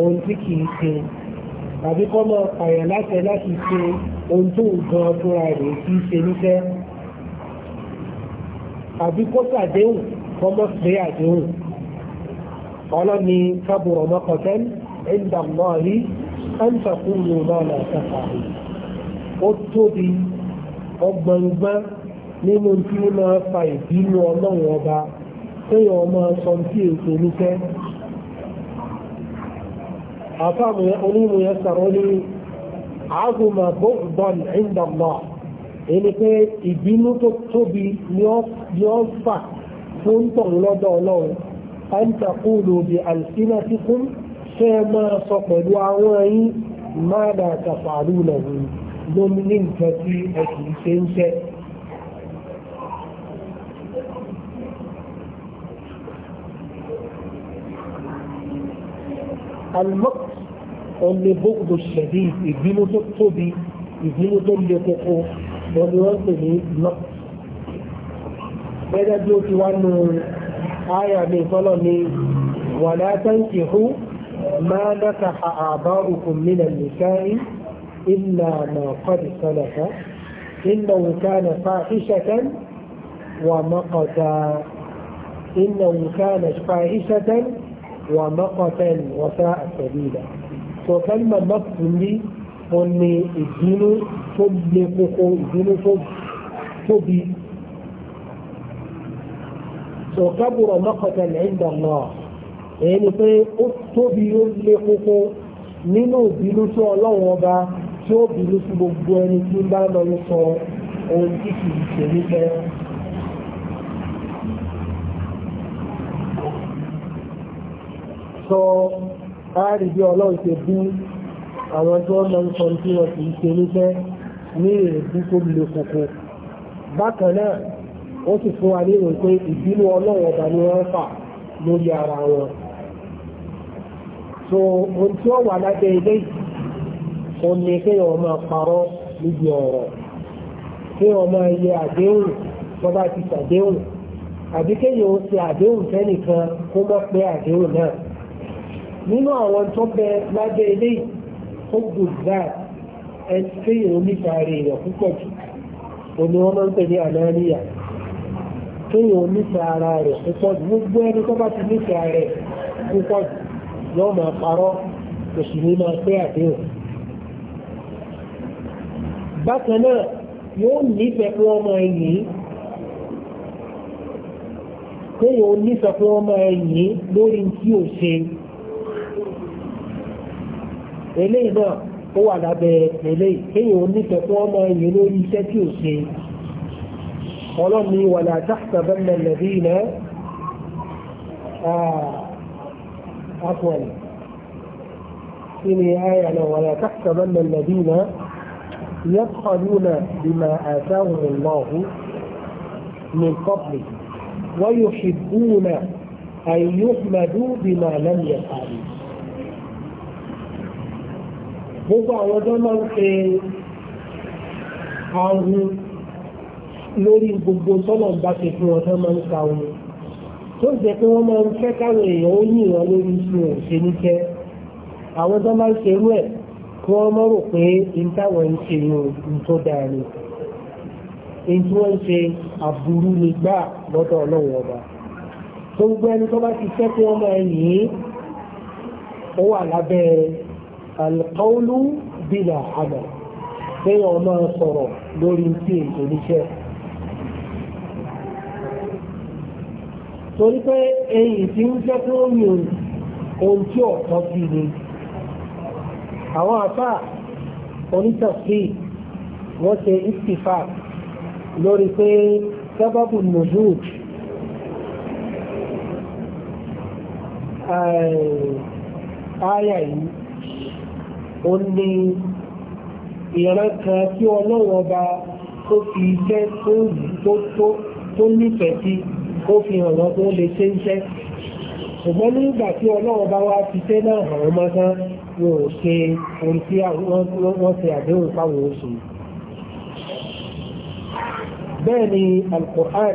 ohun tí kì í ṣe tàbí kọ́ mọ pààyàn láṣẹ láti ṣe ohun tó gan fúnra rẹ̀ kì í ṣe níṣẹ́ tàbí kó ṣàdéhùn kọ́ mọ pé àdéhùn ọlọ́ni kábùrọ̀ mọ́kọ̀tẹ́n ẹ̀ńdà mọ́ọ̀rí ẹ̀ńtàkùn lòlọ́ọ̀ náà ṣẹ̀fà ó tóbi ọgbọ̀ngbọ́n nínú tí ó máa fa ìbínú ọlọ́run ọba téèyàn máa sọ tí èso níṣẹ́ àfáàmù onímù yẹn sọ̀rọ̀ ní àgùnmà bọ́ọ̀dọ̀n ìndàmà ẹni pé ìbínú tó tóbi ni ó fà fún tọ̀ lọ́dọ̀ ọlọ́run àǹtakùlù bí àlùsínà tí kún ṣe máa sọ pẹ̀lú àwọn yín máa almọ́t ọ̀lẹ́ bókùdó ṣẹ̀dí ìbínú tó tóbi ìbínú tó le koko lọ́dún wọ́n pè ní mọ́t. gẹ́gẹ́ bí ó ti wá nu àyà mi sọ́lọ́ ni wàlá táǹkì hù máa nákàá àbá òkun nílẹ̀ nìkan إلا ما قد سلف إنه كان فاحشة ومقتا إنه كان فاحشة ومقتا وساء سبيلا وكلمة مقت لي قلني الدين تبلغ الدين تبي وكبر مقتا عند الله يعني في تبي يبلغ nínú ìbínú tí ọlọ́run ọba tí ó bínú sí gbogbo ẹni sọ áàrí bí ọlọ́run ṣe bí àwọn tí wọ́n máa ń sọ tí wọ́n ti ṣe níṣẹ́ ní èrèdí tó le koko bákan náà ó sì fún wa ní ìròyìn pé ìbínú ọlọ́run ọba ni wọ́n fà lórí ara wọn so ohun tí ó wà lábẹ́ ilé òun ni kéèyàn máa parọ́ níbi ọ̀rọ̀ kéèyàn máa yẹ àdéhùn tó bá ti ṣàdéhùn àbí ó ṣe àdéhùn fẹ́nìkan kó mọ́ pé àdéhùn náà nínú àwọn tó bẹ lábẹ́ ilé ọgbọ̀dá ẹ̀sìn oníbàárẹ̀ èèyàn púpọ̀ jù òní wọ́n máa ń pè ní ànáníyà kéèyàn onífẹ́ ara rẹ̀ púpọ̀ jù gbogbo ẹni tó bá ti nífẹ́ ara rẹ̀ púpọ̀ jù yóò máa parọ́ kò sì ní máa pé àdéhùn bákan náà yóò nífẹ̀ẹ́ pé wọ́n máa yìn kéèyàn onífẹ̀ẹ́ pé wọ́n máa lórí tí ò ṣe eléyìí náà ó wà lábẹ́ eléyìí kéèyàn ó nífẹ̀ẹ́ fún ọmọ ẹ̀yìn lórí iṣẹ́ tí ò ṣe ọlọ́ni wala tahsabanna alladhina afwan kíni ayà náà wala tahsabanna alladhina yabkhaluna bima atahum Allahu min qabli wa yuhibbuna an yuhmadu bima lam yaf'alu gbogbo àwọn ọjọ́ máa ń pe ahun lórí gbogbo sọ́nà bá ṣe fún wọn tán máa ń ka ohun tó jẹ́ pé wọ́n máa ń fẹ́ káwọn èèyàn ó yìn wọn lórí iṣu òṣè níkẹ́ àwọn máa ń ẹ̀ kí wọ́n ọba tó gbogbo ẹni tó bá ti fẹ́ kí wọ́n máa alqawlu bila amal kéèyàn máa sọ̀rọ̀ lórí tí èso níṣẹ́. torí pé ẹ̀yìn tí ń jẹ́ kí ó yìn ohun tí ọ̀tọ̀ sí ni àwọn àfà onítàfí wọ́n ṣe ìsìfà lórí pé sábàbù nùzúù ààyà yìí ó ní ìran kan tí ọlọ́wọ́ bá tó fi iṣẹ́ tó nífẹ̀ẹ́ sí ó fi hàn wọ́n tó lè ṣe iṣẹ́ ṣùgbọ́n nígbà tí ọlọ́wọ́ bá wá fi iṣẹ́ náà hàn wọ́n mọ́tán wọn ò ṣe ohun tí wọ́n ṣe àdéhùn fáwọn oṣù bẹ́ẹ̀ ni Al-Qur'an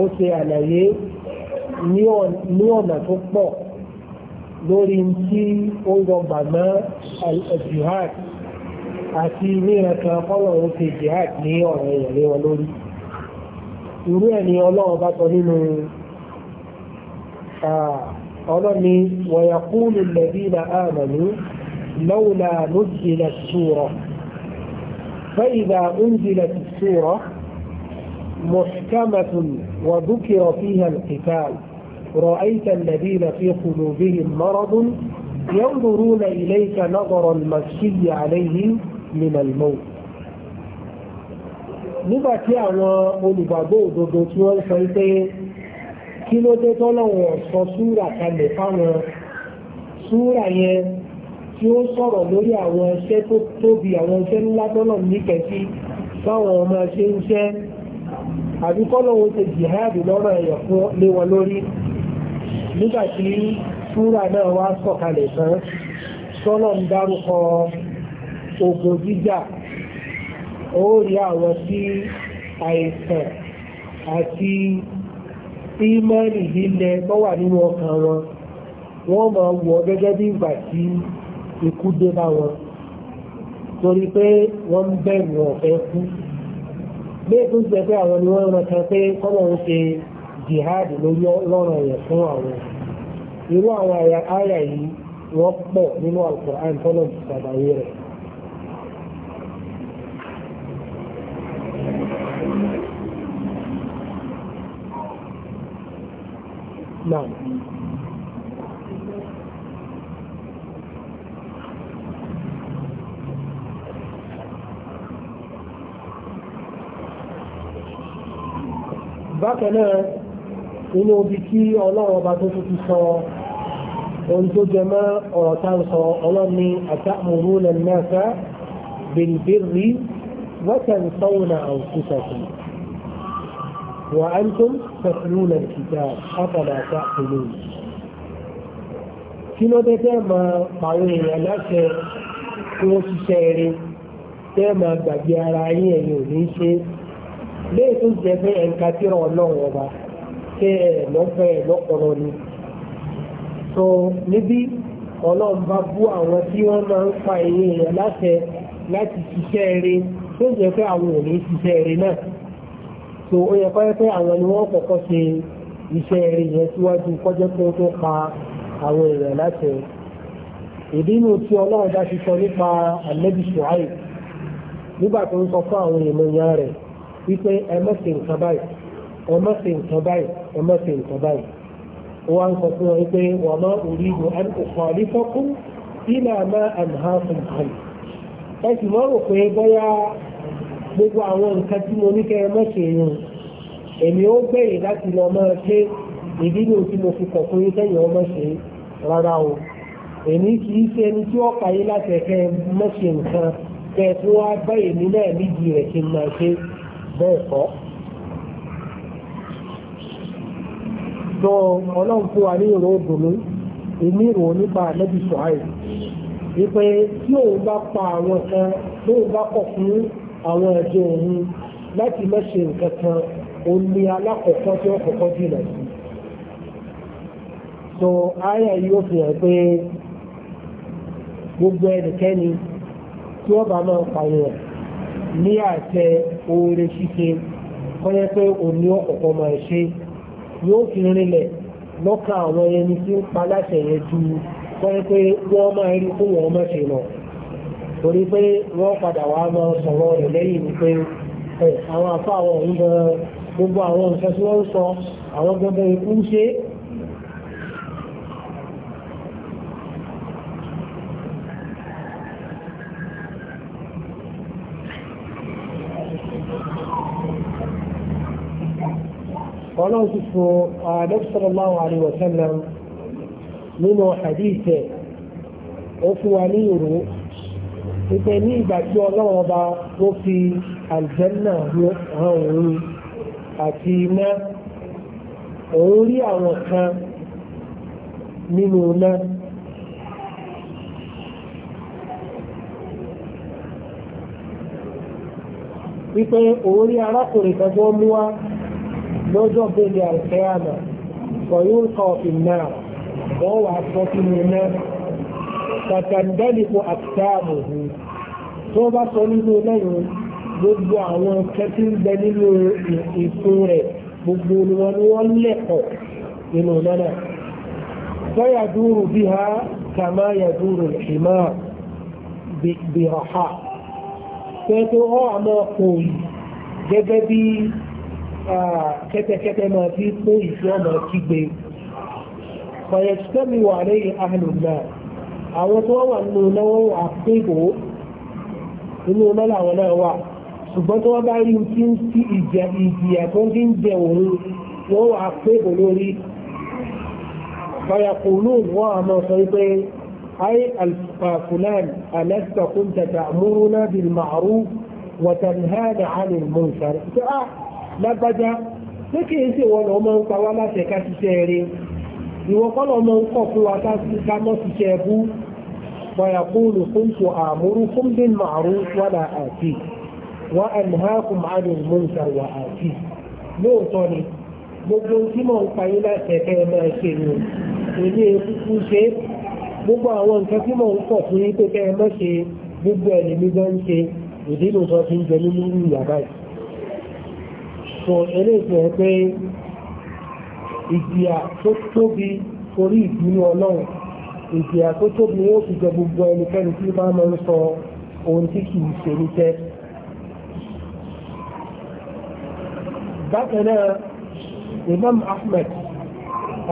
ó ṣe àlàyé ní ọ̀nà tó pọ̀ lórí tí ó ń gọ gbàgbọ́ jihad àti ríran kan fọ́lọ̀ ń fi jihad ní ọ̀rọ̀ èèyàn lé wọn lórí irú ẹ̀ ni ọlọ́run bá sọ nínú ọlọ́ni wọ̀yàkúlù lẹ́bínà àmàlú lọ́wọ́lá nùjìlẹ̀ sùúrọ̀ فإذا أنزلت السورة محكمة وذكر فيها القتال رأيت الذين في قلوبهم مرض ينظرون إليك نظر المكشي عليه من الموت nígbà tí àwọn olùgbàgbọ́ òdodo tí wọ́n sọ pé kí ló dé tọ́lọ́wọ̀n sọ súrà kalẹ̀ fáwọn súrà yẹn tí ó sọ̀rọ̀ lórí àwọn iṣẹ́ tó tóbi àwọn iṣẹ́ ńlá tọ́lọ̀ nífẹ̀ẹ́ sí báwọn ọmọ ṣe ń ṣẹ́ àbí kọ́lọ́wọ́n ṣe jihad lọ́rọ̀ ẹ̀yọ̀ fún lé lórí nígbà tí súrà náà wá sọ̀kalẹ̀ tán sọ́nà ń dárúkọ ogun jíjà ó rí àwọn tí àìsàn àti ìmọ̀rì lílẹ̀ tó wà nínú ọkàn wọn wọ́n máa wọ̀ gẹ́gẹ́ bí ìgbà tí ikú dé bá wọn torí pé wọ́n bẹ̀rù ọ̀fẹ́ kú. Bí ètò ìjẹ́ pé àwọn ni wọ́n rántí pé kọ́mọ̀ ń ṣe jihad lórí lọ́rọ̀ yẹn fún àwọn irú àwọn àyà yìí wọ́n pọ̀ nínú alukur'an tó lọ́n ṣàlàyé rẹ̀. Naam. bákan náà nínú ibi tí ọlọ́run ọba tó tuntun sọ ohun tó jẹ mọ́ ọ̀rọ̀ tá ń sọ ọlọ́run ní atamuruna an-nasa bil-birri wa tansawna anfusakum wa antum tatluna al-kitab afala ta'qilun kí ló dé tẹ́ máa èèyàn láṣẹ kí wọ́n ṣiṣẹ́ eré tẹ́ gbàgbé ara yín ẹ̀yìn ò ṣe léè tó jẹ pé ẹ̀ka tí ọlọ́run ọba ṣe ẹ̀ lọ́fẹ́ ẹ̀ lọ́pọ̀lọ́ ni. so níbí ọlọ́run bá bú àwọn tí wọ́n máa ń pa ẹ̀yìn èèyàn láṣẹ láti ṣiṣẹ́ eré tó ń jẹ́ pé àwọn ò ní ṣiṣẹ́ eré náà. so ó yẹ kọ́yẹ́ pé àwọn ni wọ́n kọ́kọ́ ṣe iṣẹ́ eré yẹn síwájú kọ́jọ́ pé ó tó pa àwọn èèyàn láṣẹ. ìdí inú tí ọlọ́run bá ti sọ nípa àlẹ́bí ṣùháì nígbà tó ń sọ fún àwọn èèyàn rẹ̀ wípé ẹ mẹ́sìn nǹkan báyìí ẹ má ṣe nǹkan báyìí ẹ má ṣe nǹkan báyìí wọ́n sọ fún wọn pé wọ́n máa ń àmà ẹ sì mọ́ rò pé gbogbo àwọn nǹkan tí mo ní kẹ́ ẹ má ṣe èmi ó gbẹ̀yìn láti lọ máa ṣe ìdí ni òtí mo fi kọ̀ fún yín ọmọ ṣe rárá o èmi kì í ṣe ẹni tí ó parí láti ẹ̀kẹ́ nǹkan tí àwùjọ ọlọ́run fún wa ní ìró òdòdó èmi ìrò nípa àlẹ́bí sọ̀háì wípé tí òun bá pa àwọn kan tí òun bá kọ̀ fún àwọn ẹ̀jẹ̀ òun láti má nǹkan kan òun ni alákọ̀ọ́kọ́ tí ó kọ̀kọ́ jìnà sí. so ayé yóò fi hàn pé gbogbo ẹnikẹ́ni tí wọ́n bá máa pààyàn ní àtẹ oore ṣíṣe kọ́yẹ́ pé òun ni ó máa ṣe é yóò fi rinlẹ̀ lọ́kàn àwọn ẹni tí ń pa láṣẹ yẹn ju wọ́n pé wọ́n máa rí fún wọn máa ṣe lọ torí pé wọ́n padà wá máa sọ̀rọ̀ rẹ̀ lẹ́yìn ni pé àwọn afọ àwọn òun gan gbogbo àwọn nǹkan tí wọ́n ń sọ àwọn gbogbo ikú ṣe é ọlọ́run ti fún uh, ànábì sallallahu alaihi wa sallam nínú hadith ó fún wa ní ìró pípẹ́ ní ìgbà tí ọlọ́run ọba ó fi àlùjànnà hàn òun àti iná òun rí àwọn kan nínú iná. wípé òun rí arákùnrin kan tó mú wá lọ́jọ́ bẹ́ẹ̀ àìsẹ́ àmà pẹ̀lú kọfìn náà wọ́n wà sọ sínú iná tàtàndẹ́lìkò àtàmù tó bá sọ nínú lẹ́yìn gbogbo àwọn kẹtí ń bẹ nínú ìfún rẹ̀ gbogbo wọn ni wọ́n lẹ́kọ̀ọ́ nínú náà fẹ́yàdúró bí ha kàmá yàdúró ìmá bìrọ̀há pẹ̀lú ọ́ àmọ́ kò yìí gẹ́gẹ́ bí kẹ́tẹ́kẹ́tẹ́ máa fi kó ìfẹ́ ọ̀nà kígbe fàyẹ̀sítẹ́mì wà lẹ́yìn ahàlùmá àwọn tó wà nínú lọ́wọ́ àpébò nínú mọ́lá àwọn náà wà ṣùgbọ́n tó wọ́n bá rí tí ń sí ìjìyà tó ń fi jẹ òun wọ́n wà àpébò lórí fàyàkùnú wọ́n àmọ́ lágbájá pé kí n ṣe wọn ọmọ ń pa wá láṣẹ ká ṣiṣẹ́ rẹ ìwọ kọ́ lọ́mọ ń kọ̀ fún wa ká mọ́ ṣiṣẹ́ bú ويقول كنت آمركم بالمعروف ولا آتيه وأنهاكم عن المنكر وآتيه lóòótọ́ ni gbogbo tí mò ń parí láti ẹ̀kẹ́ máa ṣe ni èmi kúkú ṣe gbogbo àwọn nǹkan tí mò ń pọ̀ fún yí pé kẹ́ ẹ má ṣe gbogbo ẹ̀ lèmi gan ń ṣe ìdílù tó fi ń jẹ nínú ìyàbá yìí so eléyìí ẹ pé ìjìyà tó tóbi torí ìbínú ọlọ́run ìjìyà tó tóbi ni ó ti jẹ gbogbo ẹnikẹ́ni tí bá máa ń sọ ohun tí kì í ṣe ní tẹ́. bákan náà imam ahmed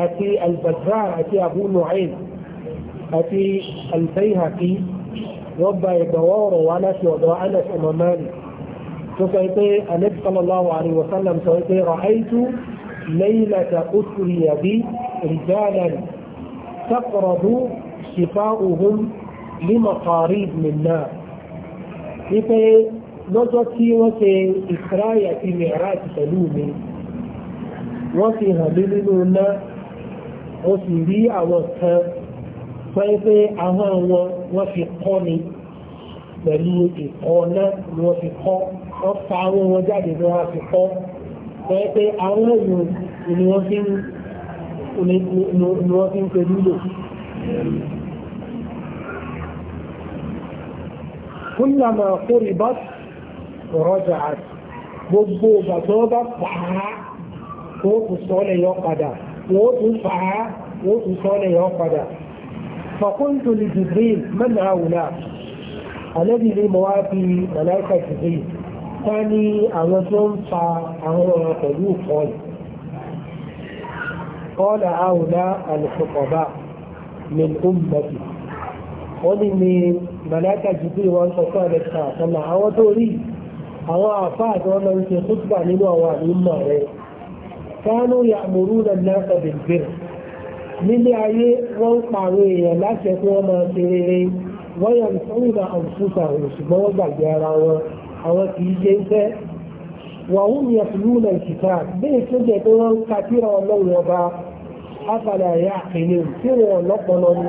àti albazra àti abu nu'ayn àti albayhaqi wọ́n gba ìgbàwọ́ ọ̀rọ̀ wá láti ọ̀dọ̀ anas ọmọ فكيتي النبي صلى الله عليه وسلم فكيتي رأيت ليلة أسري بي رجالا تقرض شفاؤهم لمقاريب من نار كيتي نزوتي وكي إسرائي في معراج سلومي وكي هبلنونا أسري أوسها فكيتي أهان وفي قومي بلوتي قونا وفي قومي wọ́n pa àwọn wọn jáde ní wọ́n ti kọ́ pẹ́ pé àwọn èèyàn ni wọ́n fi ń pe lílò kúlàmà kórì bá rọ́jà àti gbogbo ìgbàgbọ́ bá pàá tó kù sọ́lẹ̀ yọ padà wọ́n tún pàá wọ́n tún sọ́lẹ̀ yọ padà فقلت لجبريل من هؤلاء الذي لي موافي ملائكة جبريل ká ní àwọn tí wọ́n ń fa àwọn ọ̀rọ̀ pẹ̀lú ìkọlù قال هؤلاء الخطباء من أمتي wọ́n ní màláíkà jìbìrì wọn sọ fún àlẹ́kà àtàlà àwọn tó rí àwọn àfá àti wọn lọ ṣe kútùbà nínú àwọn àmìmọ̀ rẹ̀ kánú ya múrú na náà bìbìrì nílé ayé wọ́n pààrọ̀ èèyàn láti ẹ̀kọ́ wọn máa ṣe rere wọ́n yàn fún ìgbà àǹfúsà òṣùgbọ́n wọ́n gbàgbé ara wọn wa kì í ṣe ń fẹ́ wàhùn yẹ fún un náà kìtà bẹ́ẹ̀ tó jẹ́ pé ka tíra ọlọ́run ọba afàlẹ́ àyà àkìlẹ̀ tí wọ́n lọ́pọlọ ni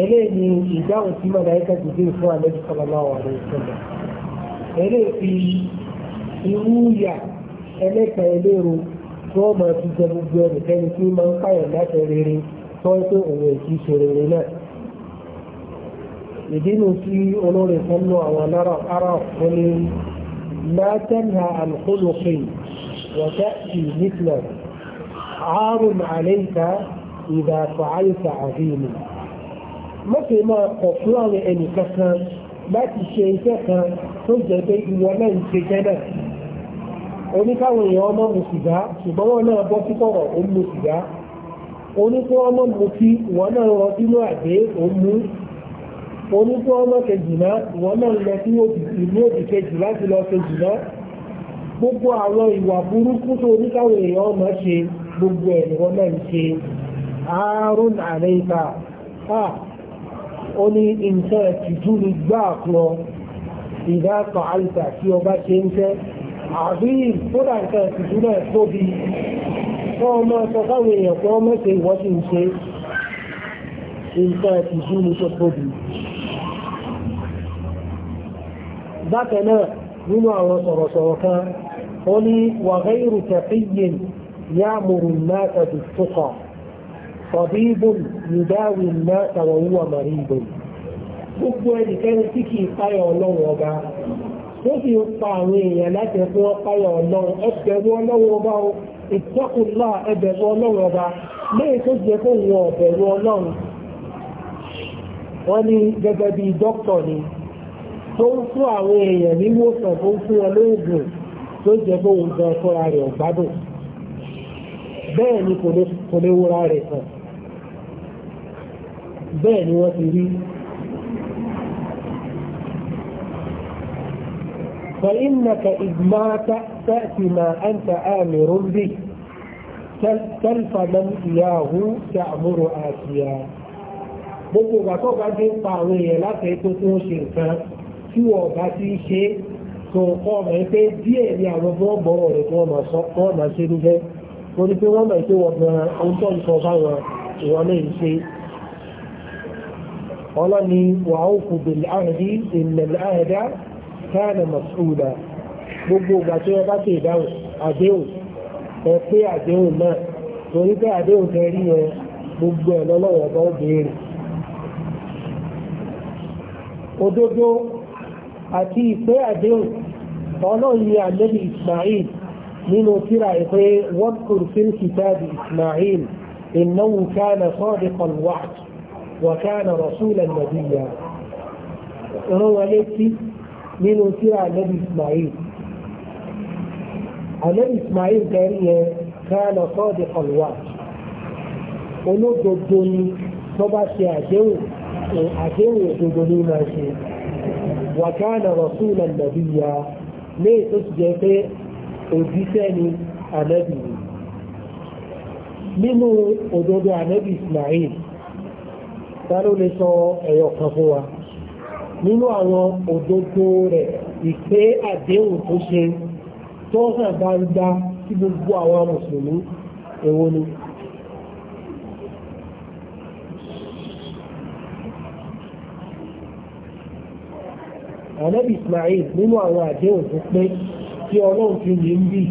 eléyìí na ìdáhùn tí mọ̀láyíkà ti dé fún àlejò sọlọ́lá ọ̀rẹ́ ìṣẹ̀lẹ̀ eléyìí fi irú yà ẹlẹ́ka ya tí wọ́n máa fi jẹ gbogbo ẹnìkẹ́ni tí máa ń pààyàn láti rere ìdínú tí olórí kan lọ àwọn ará ọ̀pọ̀ ní látẹ́nà àlùkòlùkì wọ́tẹ́ ìmìtìlẹ̀ àárùn àlẹ́ǹkà ìdá fàáyìkà àfihàn mọ́kè máa kọ̀ fún àwọn ẹnì kankan láti ṣe iṣẹ́ kan tó jẹ́ pé ìwọ náà ń ṣe tẹ́lẹ̀ oníkàwọn èèyàn ọmọ mu sìgá ṣùgbọ́n wọn náà bọ́ sí kọ̀rọ̀ ó mu sìgá oníkó ọmọ mu kí wọn náà rọ sínú àgbé ó mu oní tí wọ́n mọ́kẹ́ jùlọ ìwọ́n náà lọ sí ìlú òdì kejì láti lọ ṣe jùlọ gbogbo àwọn ìwà burúkú tó oníkàwé èèyàn ọmọ ṣe gbogbo ẹ̀ ni wọ́n náà ń ṣe àárùn àlẹ́yìnká à ó ní nǹkan ìtìjú ni gbáà lọ ìdáàtọ̀ àìsà tí ọba ṣe ń fẹ́ àbí kódà nǹkan ìtìjú náà tóbi tó ọmọ sọ káwọn èèyàn pé ọmọ ṣe ìwọ́sí ń ṣe nǹkan ìtìjú ni tó tóbi bákan náà nínú àwọn sọ̀rọ̀sọ̀rọ̀ kan ó ní wa ghayru taqiyyin ya'muru an-nasa bit-tuqa tabibun yudawi an-nasa wa huwa maridun gbogbo ẹnikẹ́ni tí kìí páyọ̀ ọlọ́run ọba ó sì ń pa àwọn èèyàn láti ẹgbẹ́ wọn páyọ̀ ọlọ́run ẹgbẹ̀rú ọlọ́run ọba o ìtọ́kùnlá ẹgbẹ̀rú ọlọ́run ọba léè tó jẹ fún wọn ọlọ́run wọ́n ní gẹ́gẹ́ bí dókítà ni tó ń fún àwọn èèyàn ní wòsàn tó ń fún wọn lóògùn tó jẹ́ bóun gan fúnra rẹ̀ ọ̀gbádùn bẹ́ẹ̀ ni kò lè wúra je bó ń gan kan bẹ́ẹ̀ ni wọ́n ti rí فإنك إذ ما تأتي ما أنت آمر به تلف من إياه تأمر آسيا gbogbo ìgbà tó bá dé pa àwọn èèyàn láti ètò tó ń ṣe nǹkan tí wọ́n bá ti ń ṣe tó kọ́ ọmọ ẹ pé díẹ̀ ni àwọn tó ń bọ̀wọ̀ rẹ̀ tó wọ́n máa ṣe lúfẹ́ wọ́n ní pé wọ́n máa ṣe wọ́n gan ohun tó ń sọ báwọn ìwọ́n lè ṣe. ọlọ́ni wà ó kù bèlè àhẹ́dí ìlẹ̀lẹ̀ àhẹ́dá káàdà mọ̀sùlùmá gbogbo ìgbà tí wọ́n bá ṣe ìdáhùn àdéhùn ẹ pé àdéhùn náà torí pé àdéhùn tẹ rí yẹn gbogbo ẹ̀ lọ́lọ́wọ́ bá ó béèrè. òdodo àti ìpé àdéhùn ọlọ́run ni àlẹ́bí Ismail nínú tíra ìpé wadkur fil kitabi Ismail innahu kana sadiqal wa'd wa kana rasulan nabiyya ìran wa létí nínú tíra àlẹ́bí Ismail àlẹ́bí Ismail kẹrí yẹn kana sadiqal wa'd olódodo ni tó ṣe àdéhùn àdéhùn ní máa ṣe وكان رسولا نبيا ليه تسجد أجساني النبي منه أدود النبي إسماعيل قالوا لسه يقفوا nínú àwọn òdodo rẹ̀ ìpé àdéhùn tó ṣe tó hàn gbangba sí gbogbo àwọn mùsùlùmí èwo ni ànábì Ismail nínú àwọn àdéhùn tó pé tí ọlọ́run fi lè ń bì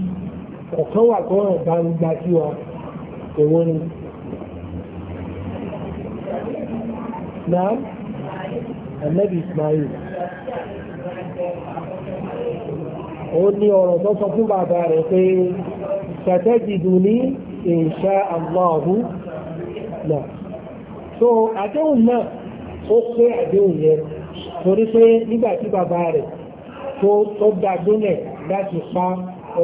ọ̀kan wà tó hàn gbangba sí wa èwo ni. Naam, ànábì Ismail. Ó ní ọ̀rọ̀ tó sọ fún bàbá rẹ̀ pé satajiduni insha Allahu náà. So àdéhùn náà ó pé àdéhùn yẹn torí pé nígbà tí bàbá rẹ̀ tó dágbólẹ̀ láti pa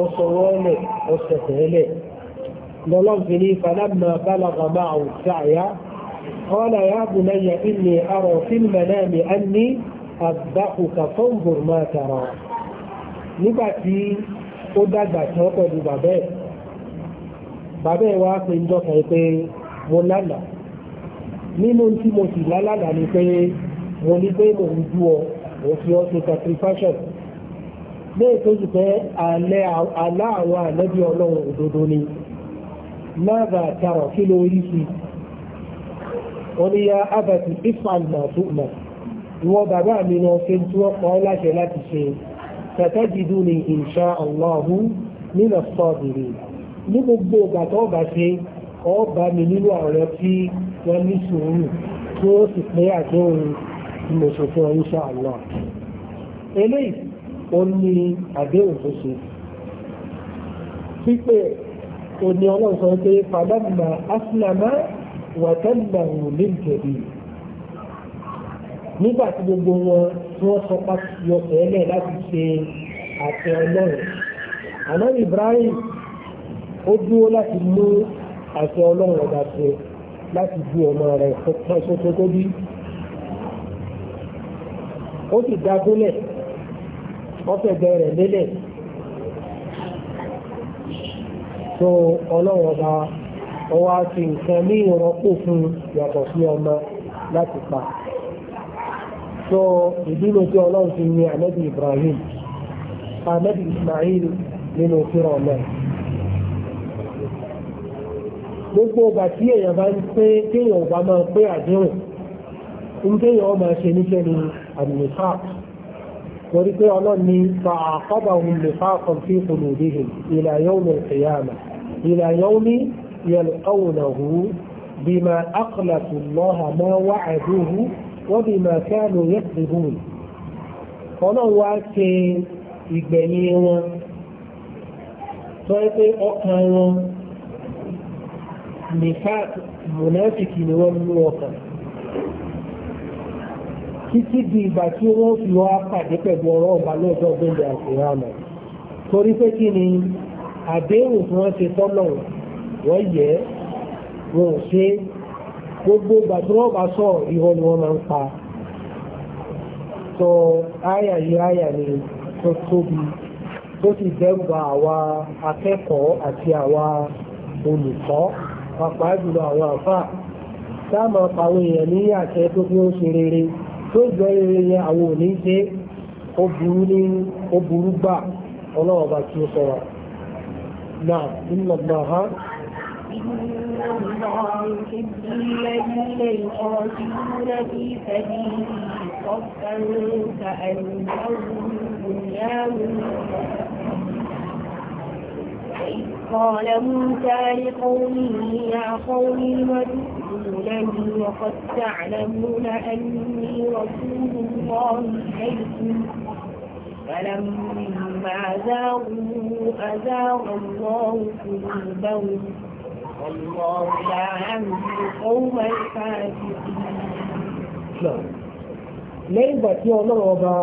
ọ̀sọ̀wọ́lẹ̀ ọ̀sẹ̀tẹ̀ẹ́lẹ̀ lọ́lọ́gbìnrin falamma bálàgbà máa ò sáàyá ọ̀nà ya bù lẹ́yà ilẹ̀ arọ̀ fílmẹ̀ náà ni a ní àgbàkùkà fọ́nbùr máa tàrà nígbà tí ó dàgbà tán pẹ̀lú bàbẹ́ mo ní pé mò ń dú ọ mo fi ọ sacrifice bẹ́ẹ̀ tó sì pé alẹ́ àwọn àlẹ́bí ọlọ́run òdodo ni ماذا ترى kí ló rí sí wọ́n ní ya abati ifan ma tó ma wọ́n bàbá mi lọ ṣe tí wọ́n pa ọ́ láṣẹ láti ṣe satajiduni insha Allahu min as-sabirin ní gbogbo ìgbà tó bá ṣe ọ bá mi nínú àwọn tí wọ́n ní sùúrù tí ó sì pé àdéhùn tí mo sọ fún insha Allah eléyìí ó ní àdéhùn tó ṣe pípé òní ọlọ́run sọ pé fàdámà áṣìlámà wàtẹ́lá òní ìjẹ̀bi nígbà tí gbogbo wọn tí wọ́n sọ pàtó yọ tẹ́lẹ̀ láti ṣe àtẹ ọlọ́run àná Ibrahim ó dúró láti mú àṣẹ ọlọ́run ọba ṣe láti du ọmọ rẹ̀ tó tó tó bí ó sì dá gúnlẹ̀ ọ́fẹ̀gbẹ́ rẹ̀ lélẹ̀ tó ọlọ́run ọba ọwọ́ àti nǹkan ní ìrọ́pò fún yàtọ̀ sí ọmọ láti pa tó ìdúró tí ọlọ́run ti ní ànábì Ibrahim ànábì Ismail nínú fíra ọmọ gbogbo ọgbà tí èèyàn bá ń pé kéèyàn ọba máa pé àdéhùn ń kéèyàn ọmọ àmìfà torí pé ọlọ́run ni fa àkọ́bàhùn nifaqan fi qulubihim ila yawmi al-qiyamah ila yawmi yalqawnahu bima akhlafu Allaha ma wa'aduhu wa bima kanu yakdhibun ọlọ́run wá ṣe ìgbẹ̀yìn wọn tó yẹ pé ọkàn wọn nifaq mùnáfìkì ni wọ́n mú ọkàn títí di ìgbà tí wọ́n fi wá pàdé pẹ̀lú ọ̀rọ̀ ọ̀bá lọ́jọ́ gbẹ̀dẹ̀ àṣìrámọ̀ torí pé kí ni àdéhùn tí wọ́n ṣe sọ́nà wọ́n yẹ wọn ò ṣe gbogbo ìgbà tí wọ́n bá sọ ìwọ ni wọ́n máa ń pa sọ áyà yìí áyà ni tó tóbi tó ti dẹ́gbà àwa akẹ́kọ̀ọ́ àti àwa olùkọ́ pàápàá jùlọ àwọn àfáà táàmà pàwọn èèyàn ní àṣẹ tó fi ń ṣe rere tó jọ rere yẹn àwọn òní ṣe ó burú ní ó burú gbà ọlọ́wọ́ bá tí ó sọ náà nínú ọgbà ha. صفا كأنهم بنيان وإذ قال موسى لقومه يا قوم لم تؤذونني وقد تعلمون أني رسول الله إليكم فلما زاغوا أزاغ الله قلوبهم والله لا يهدي القوم الفاسقين lẹ́yìn ìgbà tí ọlọ́run ọba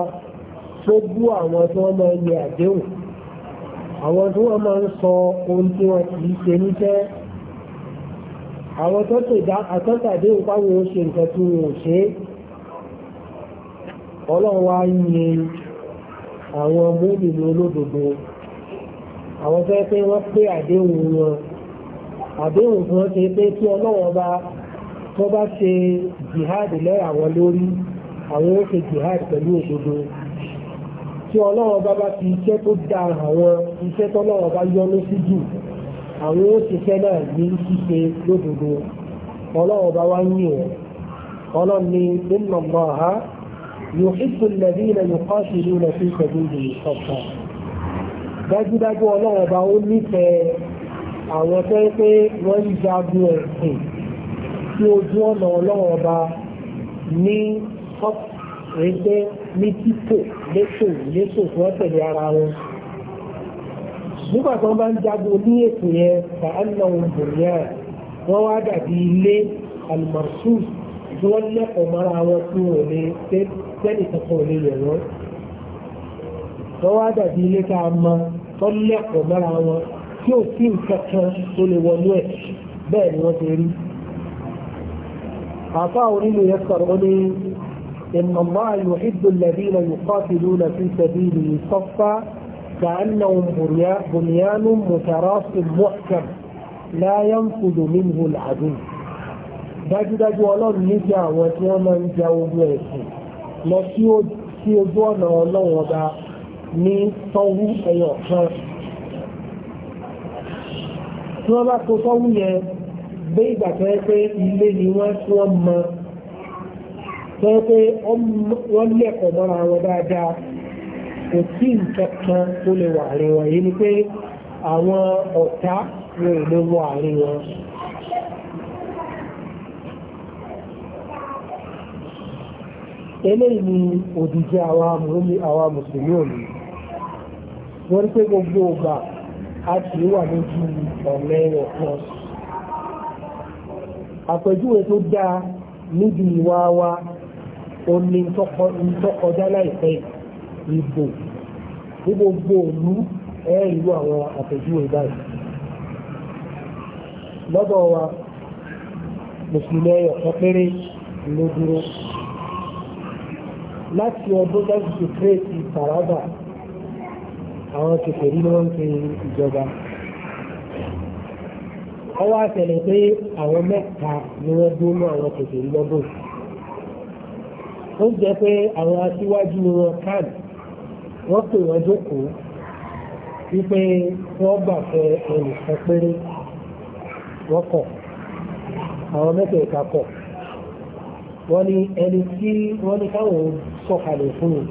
tó bú àwọn tí wọ́n máa ń yẹ àdéhùn àwọn tó wọ́n máa ń sọ ohun tí wọ́n kìí ṣe níṣẹ́ àwọn tó tẹ̀dá àtọ́tàdé ìpáwò ṣe nǹkan tí wọ́n ṣe ọlọ́wà yìí àwọn múlì olódodo àwọn tó pé wọ́n pé àdéhùn wọn àdéhùn tí ṣe pé tí ọlọ́wọ́ bá tó bá ṣe jihad lẹ́ lórí àwọn ó ṣe jihad pẹ̀lú òdodo tí ọlọ́run bá bá fi iṣẹ́ tó da àwọn iṣẹ́ tọ́lọ́run bá yọ́nú sí jù àwọn òṣìṣẹ́ náà ní ṣíṣe lódodo ọlọ́run bá wá yìn ẹ̀ ọlọ́run ní inna Allaha yuhibbu alladhina yuqatiluna fi sabilihi saffan dájúdájú ọlọ́run bá ó nífẹ̀ẹ́ àwọn tó ń pé wọ́n ń jagun ẹ̀sìn tí ojú ọ̀nà ọlọ́run bá ní sọ́pọ̀ rí pé ní títò létò létò tí wọ́n tẹ̀lé ara wọn nígbà tí wọ́n bá ń jagun ní ètò yẹn fa anna wọn bòmíà wọ́n wá dàbí ilé almarsus tí wọ́n lẹ́kọ̀ọ́ mọ́ra wọn tí wọ́n lè tẹ́lì kankan lè yẹ̀ wọ́n wọ́n wá dàbí ilé tá a tó lẹ́kọ̀ọ́ mọ́ra wọn tí ò sí nǹkan kan tó lè wọnú ẹ̀ bẹ́ẹ̀ ni wọ́n ti rí àfáà onílù yẹn sọ̀rọ̀ ó ní إن الله يحب الذين يقاتلون في سبيله صفا كأنهم بنيان متراص محكم لا ينفذ منه العدو داجو داجو ألون نجا وتيما نجاو بيك لكيو سيدوانا ألون ودا ni tọ́wú ẹ̀yọ̀ kan tí wọ́n bá tó tọ́wú yẹn bí ìgbàtẹ́ pé tó pé wọ́n lẹ́kọ̀ọ́ mọ́ra wọn dáadáa kò sí nǹkan kan tó lè wà àárín yìí ni pé àwọn ọ̀tá wọn lè wọ àárín eléyìí ni òdìjẹ́ àwa mùsùlùmí òní wọ́n pé gbogbo ọgbà a ti wà lójú ọ̀lẹ́ ọ̀kan tó dáa níbi wa omi tó kọjá láìpẹ́ ìbò ní gbogbo òlú ẹ̀rù àwọn àpèjúwe báyìí lọ́dọ̀ wa mùsùlùmí ẹ̀yọ̀ kan péré ló dúró láti ọdún láti ṣe kírèsì tàràbà àwọn kèfèrí ni wọ́n ń pe ìjọba ọwọ́ àtẹ̀lẹ̀ pé àwọn mẹ́ta ni wọ́n dúró mọ́ àwọn kèfèrí lọ́dún yìí ó jẹ́ pé àwọn aṣíwájú wọn káàdì wọ́n pè wọ́n jókòó wípé wọ́n gbà fẹ́ ẹnìkan péré wọ́n kọ̀ àwọn mẹ́tẹ̀ẹ̀ta kọ̀ wọ́n ní ẹni tí wọ́n ní káwọn sọ̀kalẹ̀ fún un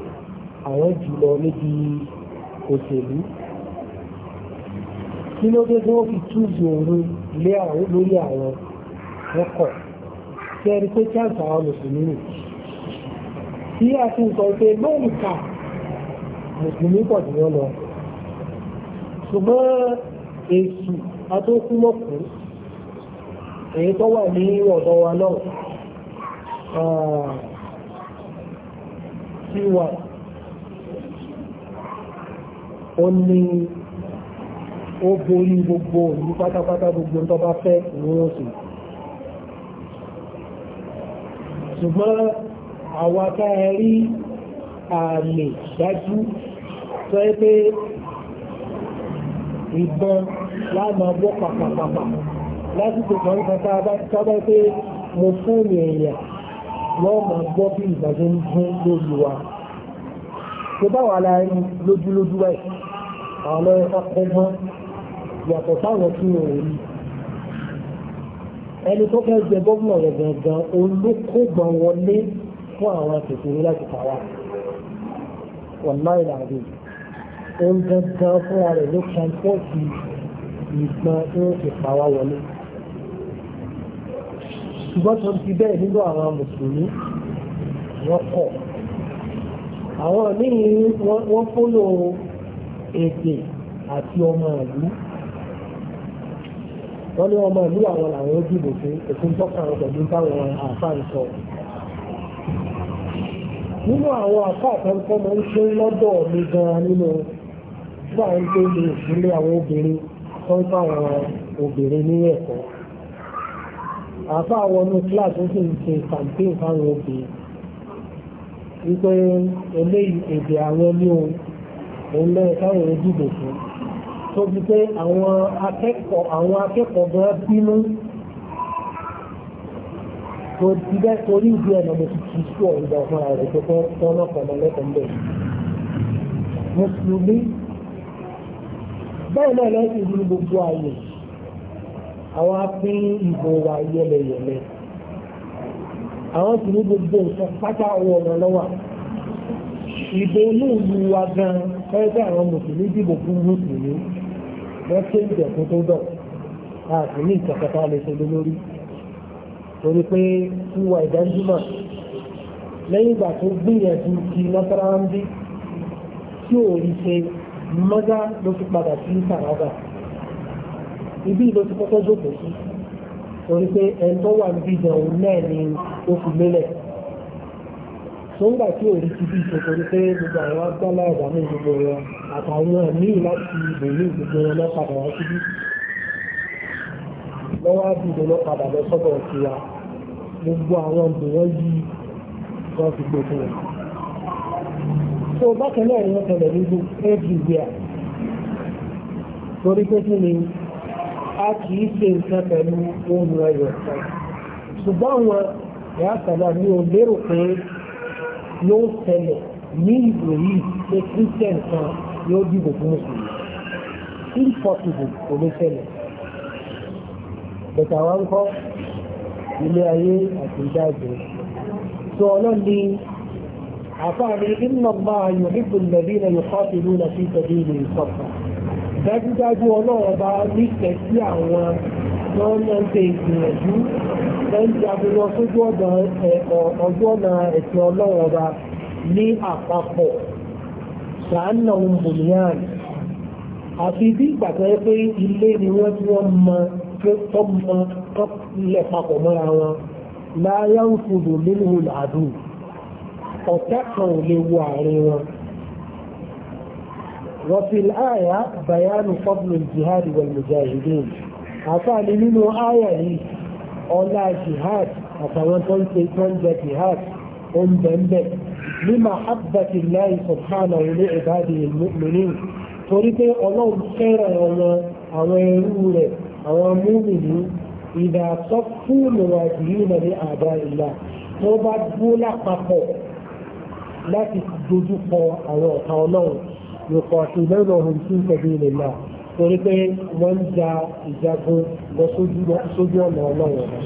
àwọn jùlọ níbi òṣèlú kí ló dé tí wọ́n fi túùsù òru lórí àwọn wọ́n kọ̀ kí ẹni pé chance àwọn mùsùlùmí tí a ti sọ pé lóòrùka mùsùlùmí pọ̀ jù yọ lọ ṣùgbọ́n èsù atókúmọ̀kú èyí tó wà ní ọ̀dọ̀ wa náà ah, tí wà ó ní ó borí gbogbo òní pátápátá gbogbo tó bá fẹ́ ní oṣù ṣùgbọ́n àwọn akáyẹ rí ààlè dájú tó ẹ pé ìbọn láàmà bọ́ pàpàpàpà lásìkò kan kan tábá pé mo fóònù èèyàn wọ́n máa gbọ́ bí ìbàjẹ́ ń gún lórí wa tó bá wà láàrin lójúlójú ẹ̀ àwọn ọkọ̀gbọ́n yàtọ̀ sáwọn tí ó rí ẹni tó fẹ́ jẹ gómìnà rẹ̀ gangan olókògbọ̀n wọlé fún àwọn kèkèrè láti pàwà wọ̀nà ìlàrí ohun gangan fúnra rẹ̀ ló transporti ìgbọ́n tí ti pàwà wọlé ṣùgbọ́n tó ti bẹ́ẹ̀ nínú àwọn mùsùlùmí wọ́n kọ̀ àwọn míì wọ́n fólò èdè àti ọmọ ìlú wọ́n ní ọmọ ìlú àwọn làwọn ó dìbò fún òfin tọ́ka ọ̀gbẹ̀dún báwọn àfáà ń sọ nínú àwọn àpá àtàkọ́ ń ṣe lọ́dọ̀ mi gan nínú gbà ń gbé ní ìpínlẹ̀ àwọn obìnrin tó ń bá obìnrin ní ẹ̀kọ́ àbá wọnú kíláàsì sì ń ṣe campaign fáwọn obìnrin wípé eléyìí èdè àwọn ní ohun òun lẹ́yìn táwọn ojúbò fún tó fi pé àwọn akẹ́kọ̀ọ́ àwọn akẹ́kọ̀ọ́ gan bínú tó ti bẹ́ torí ìdí ẹ̀nà mo ti ti sí ọ̀rọ̀ fúnra rẹ̀ tó fẹ́ tọ́lọ́pàá lẹ́kọ̀ọ́ bẹ́ẹ̀. mùsùlùmí bẹ́ẹ̀ náà lẹ́yìn ìlú gbogbo ayé àwọn apín ìbò wa yẹlẹyẹlẹ àwọn sì ní gbogbo nǹkan pátá ọwọ́ ọ̀nà lọ́wọ́ ìbò inú ìlú wa gan ẹgbẹ́ àwọn mùsùlùmí dìbò fún mùsùlùmí wọ́n ṣe ń jẹ̀kún tó dọ̀ àti ní ìtọ̀kọ̀tà lè ṣe lórí torí pé ìwà ìdánjúmọ̀ lẹ́yìn ìgbà tó gbìyànjú ti mọ́sáráńdí tí ò rí ṣe mọ́gá ló fi padà sí sàràgà ibi ló ti kọ́kọ́ jókòó sí torí pé ẹni tó wà níbi ìdánwò náà ni ó fi lélẹ̀ tó ń gbà tí ò rí ti bí ìṣe torí pé gbogbo àwọn agbálá ẹ̀dá ní wọn àtàwọn ẹ̀mí láti ìbòmí gbogbo wọn lọ́padà wá síbí lọ́wọ́ á bí ìdánwò padà lọ sọ́dọ̀ tiwa gbogbo àwọn obìnrin yìí wọ́n ti gbé fún wọn. so bákan náà wọ́n tẹ̀lé nínú everywhere torí pé kí ni a kì í ṣe nǹkan pẹ̀lú ohun ẹyọ kan ṣùgbọ́n àwọn ìyá sábà mi ò lérò pé yóò tẹ̀lé ní ìlú yìí pé christian kan yóò dìbò fún mùsùlùmí impossible kò lè tẹ̀lé bẹ̀tà wa ń kọ́ ilé ayé àti ìdájọ́ sọ ọlọ́ni àfáàní iná máa yọ nípò nàbí na yọkọ́ ìlú na fi tẹ̀lé ìlú ìsọ̀fà dájúdájú ọlọ́run bá nífẹ̀ẹ́ sí àwọn wọ́n máa ń ṣe ìgbìyànjú wọ́n jagun lọ sójú ọ̀nà ọjọ́ ọ̀nà ẹ̀sìn ọlọ́run ọba ní àpapọ̀ ṣàánà mùmíàn àfi bí ìgbà tó yẹ pé ilé ni wọ́n ti wọ́n mọ tó mọ kọ́ ilẹ̀ papọ̀ mọ́ra wọn láyá ń fòdò nínú làádù ọ̀tá kan ò lè wo àárín wọn rọ̀fìl àyà bayanu fọ́bùlù jihad wal mujahideen àfáàní nínú àyà yìí ọlá jihad àtàwọn tó ń ṣe tó ń jẹ jihad ó ń bẹ̀m̀bẹ̀ ní mahabbati láì sọ̀tánà ilé ìbádi ìlúmìnì torí pé ọlọ́run fẹ́ràn àwọn ẹrú rẹ̀ àwọn múmìnì ìdá sọ́kú mùwàdìí nà ní àdá ìlà tó bá dúró lápapọ̀ láti dojú kọ àwọn ọ̀tá ọlọ́run yòókọ̀ ìlẹ́nu ọ̀hún sí ìtẹ̀bí ilẹ̀ náà torí pé wọ́n ń ja ìjagun lọ sójú ọ̀nà ọlọ́run ọ̀nà.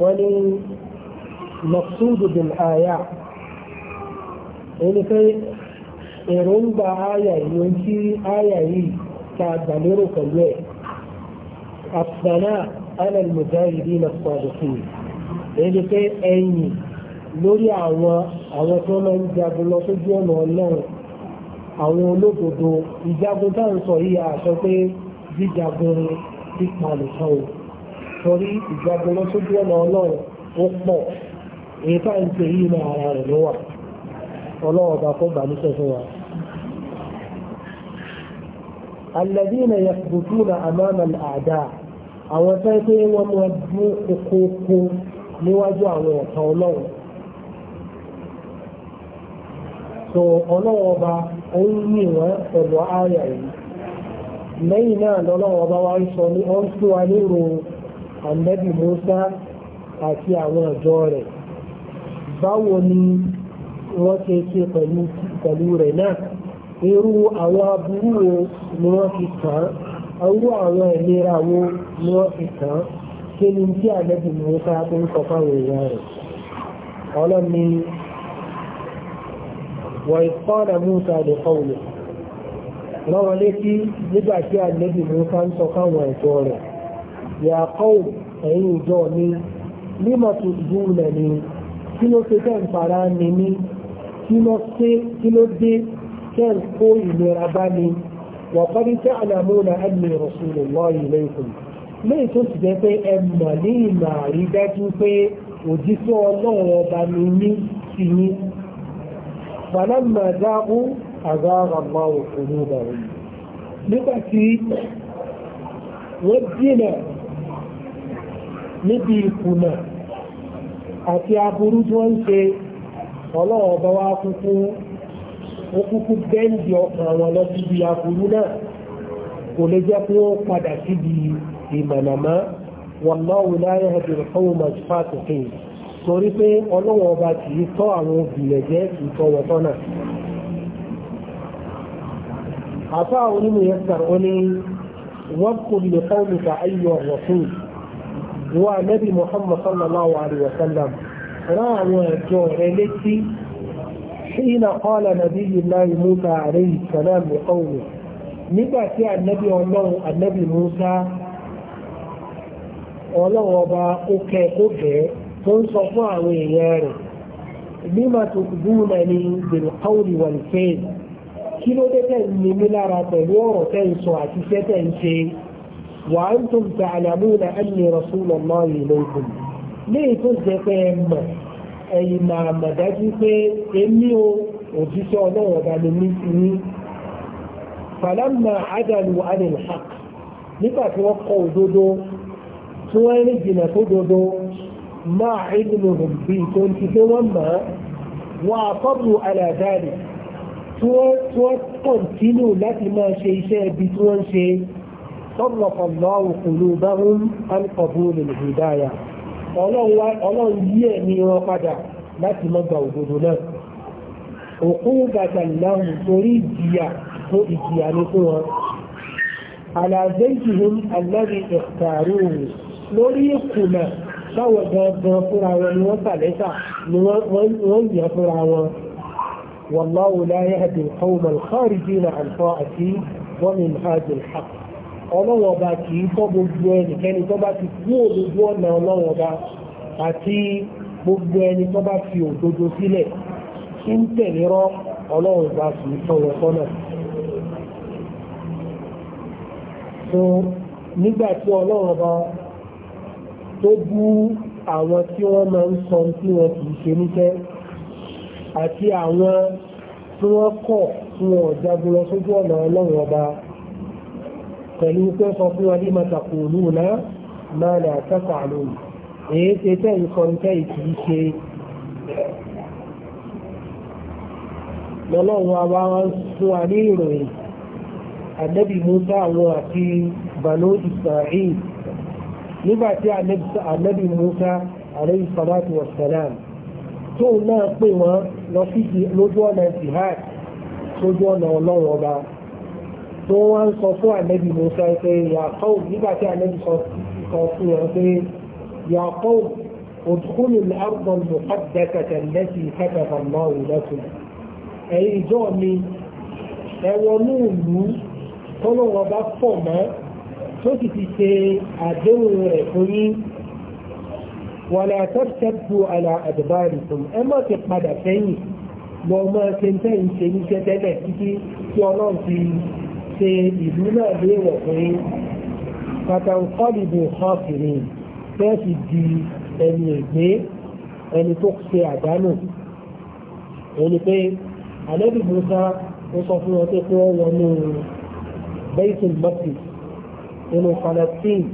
wọ́n ní مقصود بالآيات ẹni pé èròǹgbà àyà yìí ohun tí àyà yìí ta gbàlérò pẹ̀lú ẹ̀ àfànà alàlùmọ̀jáìrí na sọ̀dọ̀kì ẹni pé ẹ̀yìn lórí àwọn àwọn tó máa ń jagun lọ sójú ọ̀nà ọlọ́run àwọn olódodo ìjagun tá à ń sọ yìí àṣọ pé jíjagun pípa nìkan o torí ìjagun lọ sójú ọ̀nà ọlọ́run ó pọ̀ èyí tá à ń ṣe yìí ní ara rẹ̀ ló wà ọlọ́wọ́ bá kó gbà níṣẹ́ fún wa. الذين يثبتون أمام الأعداء àwọn tó ń pé wọ́n mọ bú kókókó níwájú àwọn ọ̀tá ọlọ́run so ọlọ́run ọba òun ní ìwọ̀n pẹ̀lú ààyè yìí lẹ́yìn náà lọ́lọ́run ọba wa ń sọ ní ọ́n tó wa nírò ànábì Musa àti àwọn ọ̀jọ́ rẹ̀ báwo ni wọ́n ṣe ṣe pẹ̀lú rẹ̀ náà irú àwọn aburú wo ni wọ́n án irú àwọn ìlera wo ni wọ́n fi án kí ni tí àlẹ́bí ni wọ́n ya tó ń sọ fáwọn èèyàn rẹ̀ ọlọ́ni wọ́n ìfọ́nà Musa lè kọ́wùlẹ̀ lọ́wọ́ létí nígbà tí àlẹ́bí ni wọ́n ń sọ fáwọn ẹ̀tọ́ rẹ̀ yà kọ́wù ẹ̀yìn ìjọ mi tó dùn kí ló ṣe fẹ́ kí ló dé kẹ́ ń kó ìlera bá mi wà kọ́dí tí àlàmúnà ẹ̀mí rọ̀ṣùlù lọ́ọ̀yì lẹ́kùn lẹ́yìn tó sì jẹ́ pé ẹ mọ̀ ní ìmọ̀ àrídájú pé òjíṣẹ́ ọlọ́run ọba mi ní sí ọlọ́run ọba wa kúkú ó kúkú bẹ́ǹdì ọkàn wọn lọ síbi aburú náà kò lè jẹ́ pé ó padà síbi ìmọ̀nàmọ́ wallahu la yahdi al-qawma al-fasiqin torí pé ọlọ́run ọba kì í tọ́ àwọn obìnrin jẹ́ ìtọ́wọ́tọ́ náà. àfa onímọ̀yẹ́sàr ó ní wọ́n kò lè kọ́ nípa ayọ̀ rọ̀tún wa nabi muhammad sallallahu alaihi wa sallam rán àwọn ẹ̀jọ́ rẹ̀ létí حين قال نبي الله موسى عليه السلام لقومه nígbà tí ànábì ọlọ́run ànábì Musa ọlọ́run ọba ó kẹ́ ó bẹ́ tó ń sọ fún àwọn èèyàn rẹ̀ nígbà tó dúró náà ní bilqawli wal fi'l kí ló dé tẹ̀ ní mi lára pẹ̀lú ọ̀rọ̀ tẹ̀ ń sọ àti iṣẹ́ tẹ̀ ń ṣe wa antum ta'lamuna anni rasulullahi ilaykum léyìí tó jẹ́ pé ẹ mọ̀ ẹ̀yìn máa mọ̀ dájú pé èmi o òjíṣẹ́ ọlọ́run ọba ni mí ti ní. fàlámà àdàlù àdìlhà nígbà tí wọ́n kọ òdodo tí wọ́n rí jìnnà tó dodo máa ìlú bí tó ń ti pé wọ́n mọ̀ wọ́n àkọ́bù àlàdáàdì tí wọ́n kọ̀ntínú láti máa ṣe iṣẹ́ ibi tí wọ́n ṣe. صرف الله قلوبهم عن قبول الهدايه ọlọ́run yí ẹ̀mí wọn padà láti mọ́ gba òdodo náà òkú bàtà ìlànà torí ìjìyà tó ìjìyà ní fún wọn àlàzẹ́jìhìn alẹ́rí ìkàrú lórí ìkùnà táwọn gangan fúnra wọn ni wọ́n tàlẹ́sà ni wọ́n yẹ fúnra wọn wàláwò láyé àdìkọ́ òmàlùkọ́ àrídìnà àlùfọ́ àti wọ́n mi ní àdìkọ́ ọlọ́wọ́n ọba kì í kọ́ gbogbo ẹnikẹ́ni tó bá ti kú ọ̀nà àti gbogbo ẹni tó bá fi òdodo sílẹ̀ tí ń tẹ̀lé rọ́ ọlọ́wọ́n ọba kì í so nígbà tí ọba tó bú àwọn tí wọ́n máa pẹ̀lú pé sọ fún wa ní màtàkùnlù náà máa nà àtàkà lónìí èyí ṣe tẹ́ ìkan tẹ́ ìkìí ṣe lọ́lọ́run àwa fún wa ní ìròyìn ànábì Musa àwọn àti banu Isra'il nígbà tí ànábì Musa alayhi salatu wa tóun náà pè wọ́n lọ sí lójú ọ̀nà jihad sójú ọ̀nà ọlọ́run ọba tó wá ń sọ fún ànẹ́bì Musa pé yàkọ́ nígbà tí ànẹ́bì sọ fún wọn pé yàkọ́ òdùkúlù lárúbọ̀ lùkọ́dẹ́kẹ̀tẹ̀ lẹ́sì kẹ́kẹ̀kẹ̀ náà lẹ́kùn ẹ̀yìn ìjọ mi ẹwọnú ìlú tọ́lọ́wọ́ bá pọ̀ mọ́ tó sì ti ṣe àdéhùn rẹ̀ fún yín wàlẹ̀ àtọ́tẹ́bù àlà àdìbárì fún ẹ má ti padà sẹ́yìn lọ́ọ́ máa ń tẹ́ ṣe níṣẹ́ tẹ́lẹ̀ títí tí ọlọ́run ti ṣe ìlú náà léèwọ̀ pé pàtàkọ́lìbò ọ̀fìnì bẹ́ẹ̀ ti di ẹni ègbé ẹni tó ṣe àdánù ẹni pé àlẹ́bí musa ó sọ fún wọn pé kí wọ́n wọnú bẹ́ẹ̀sìn mọ́tì nínú palestine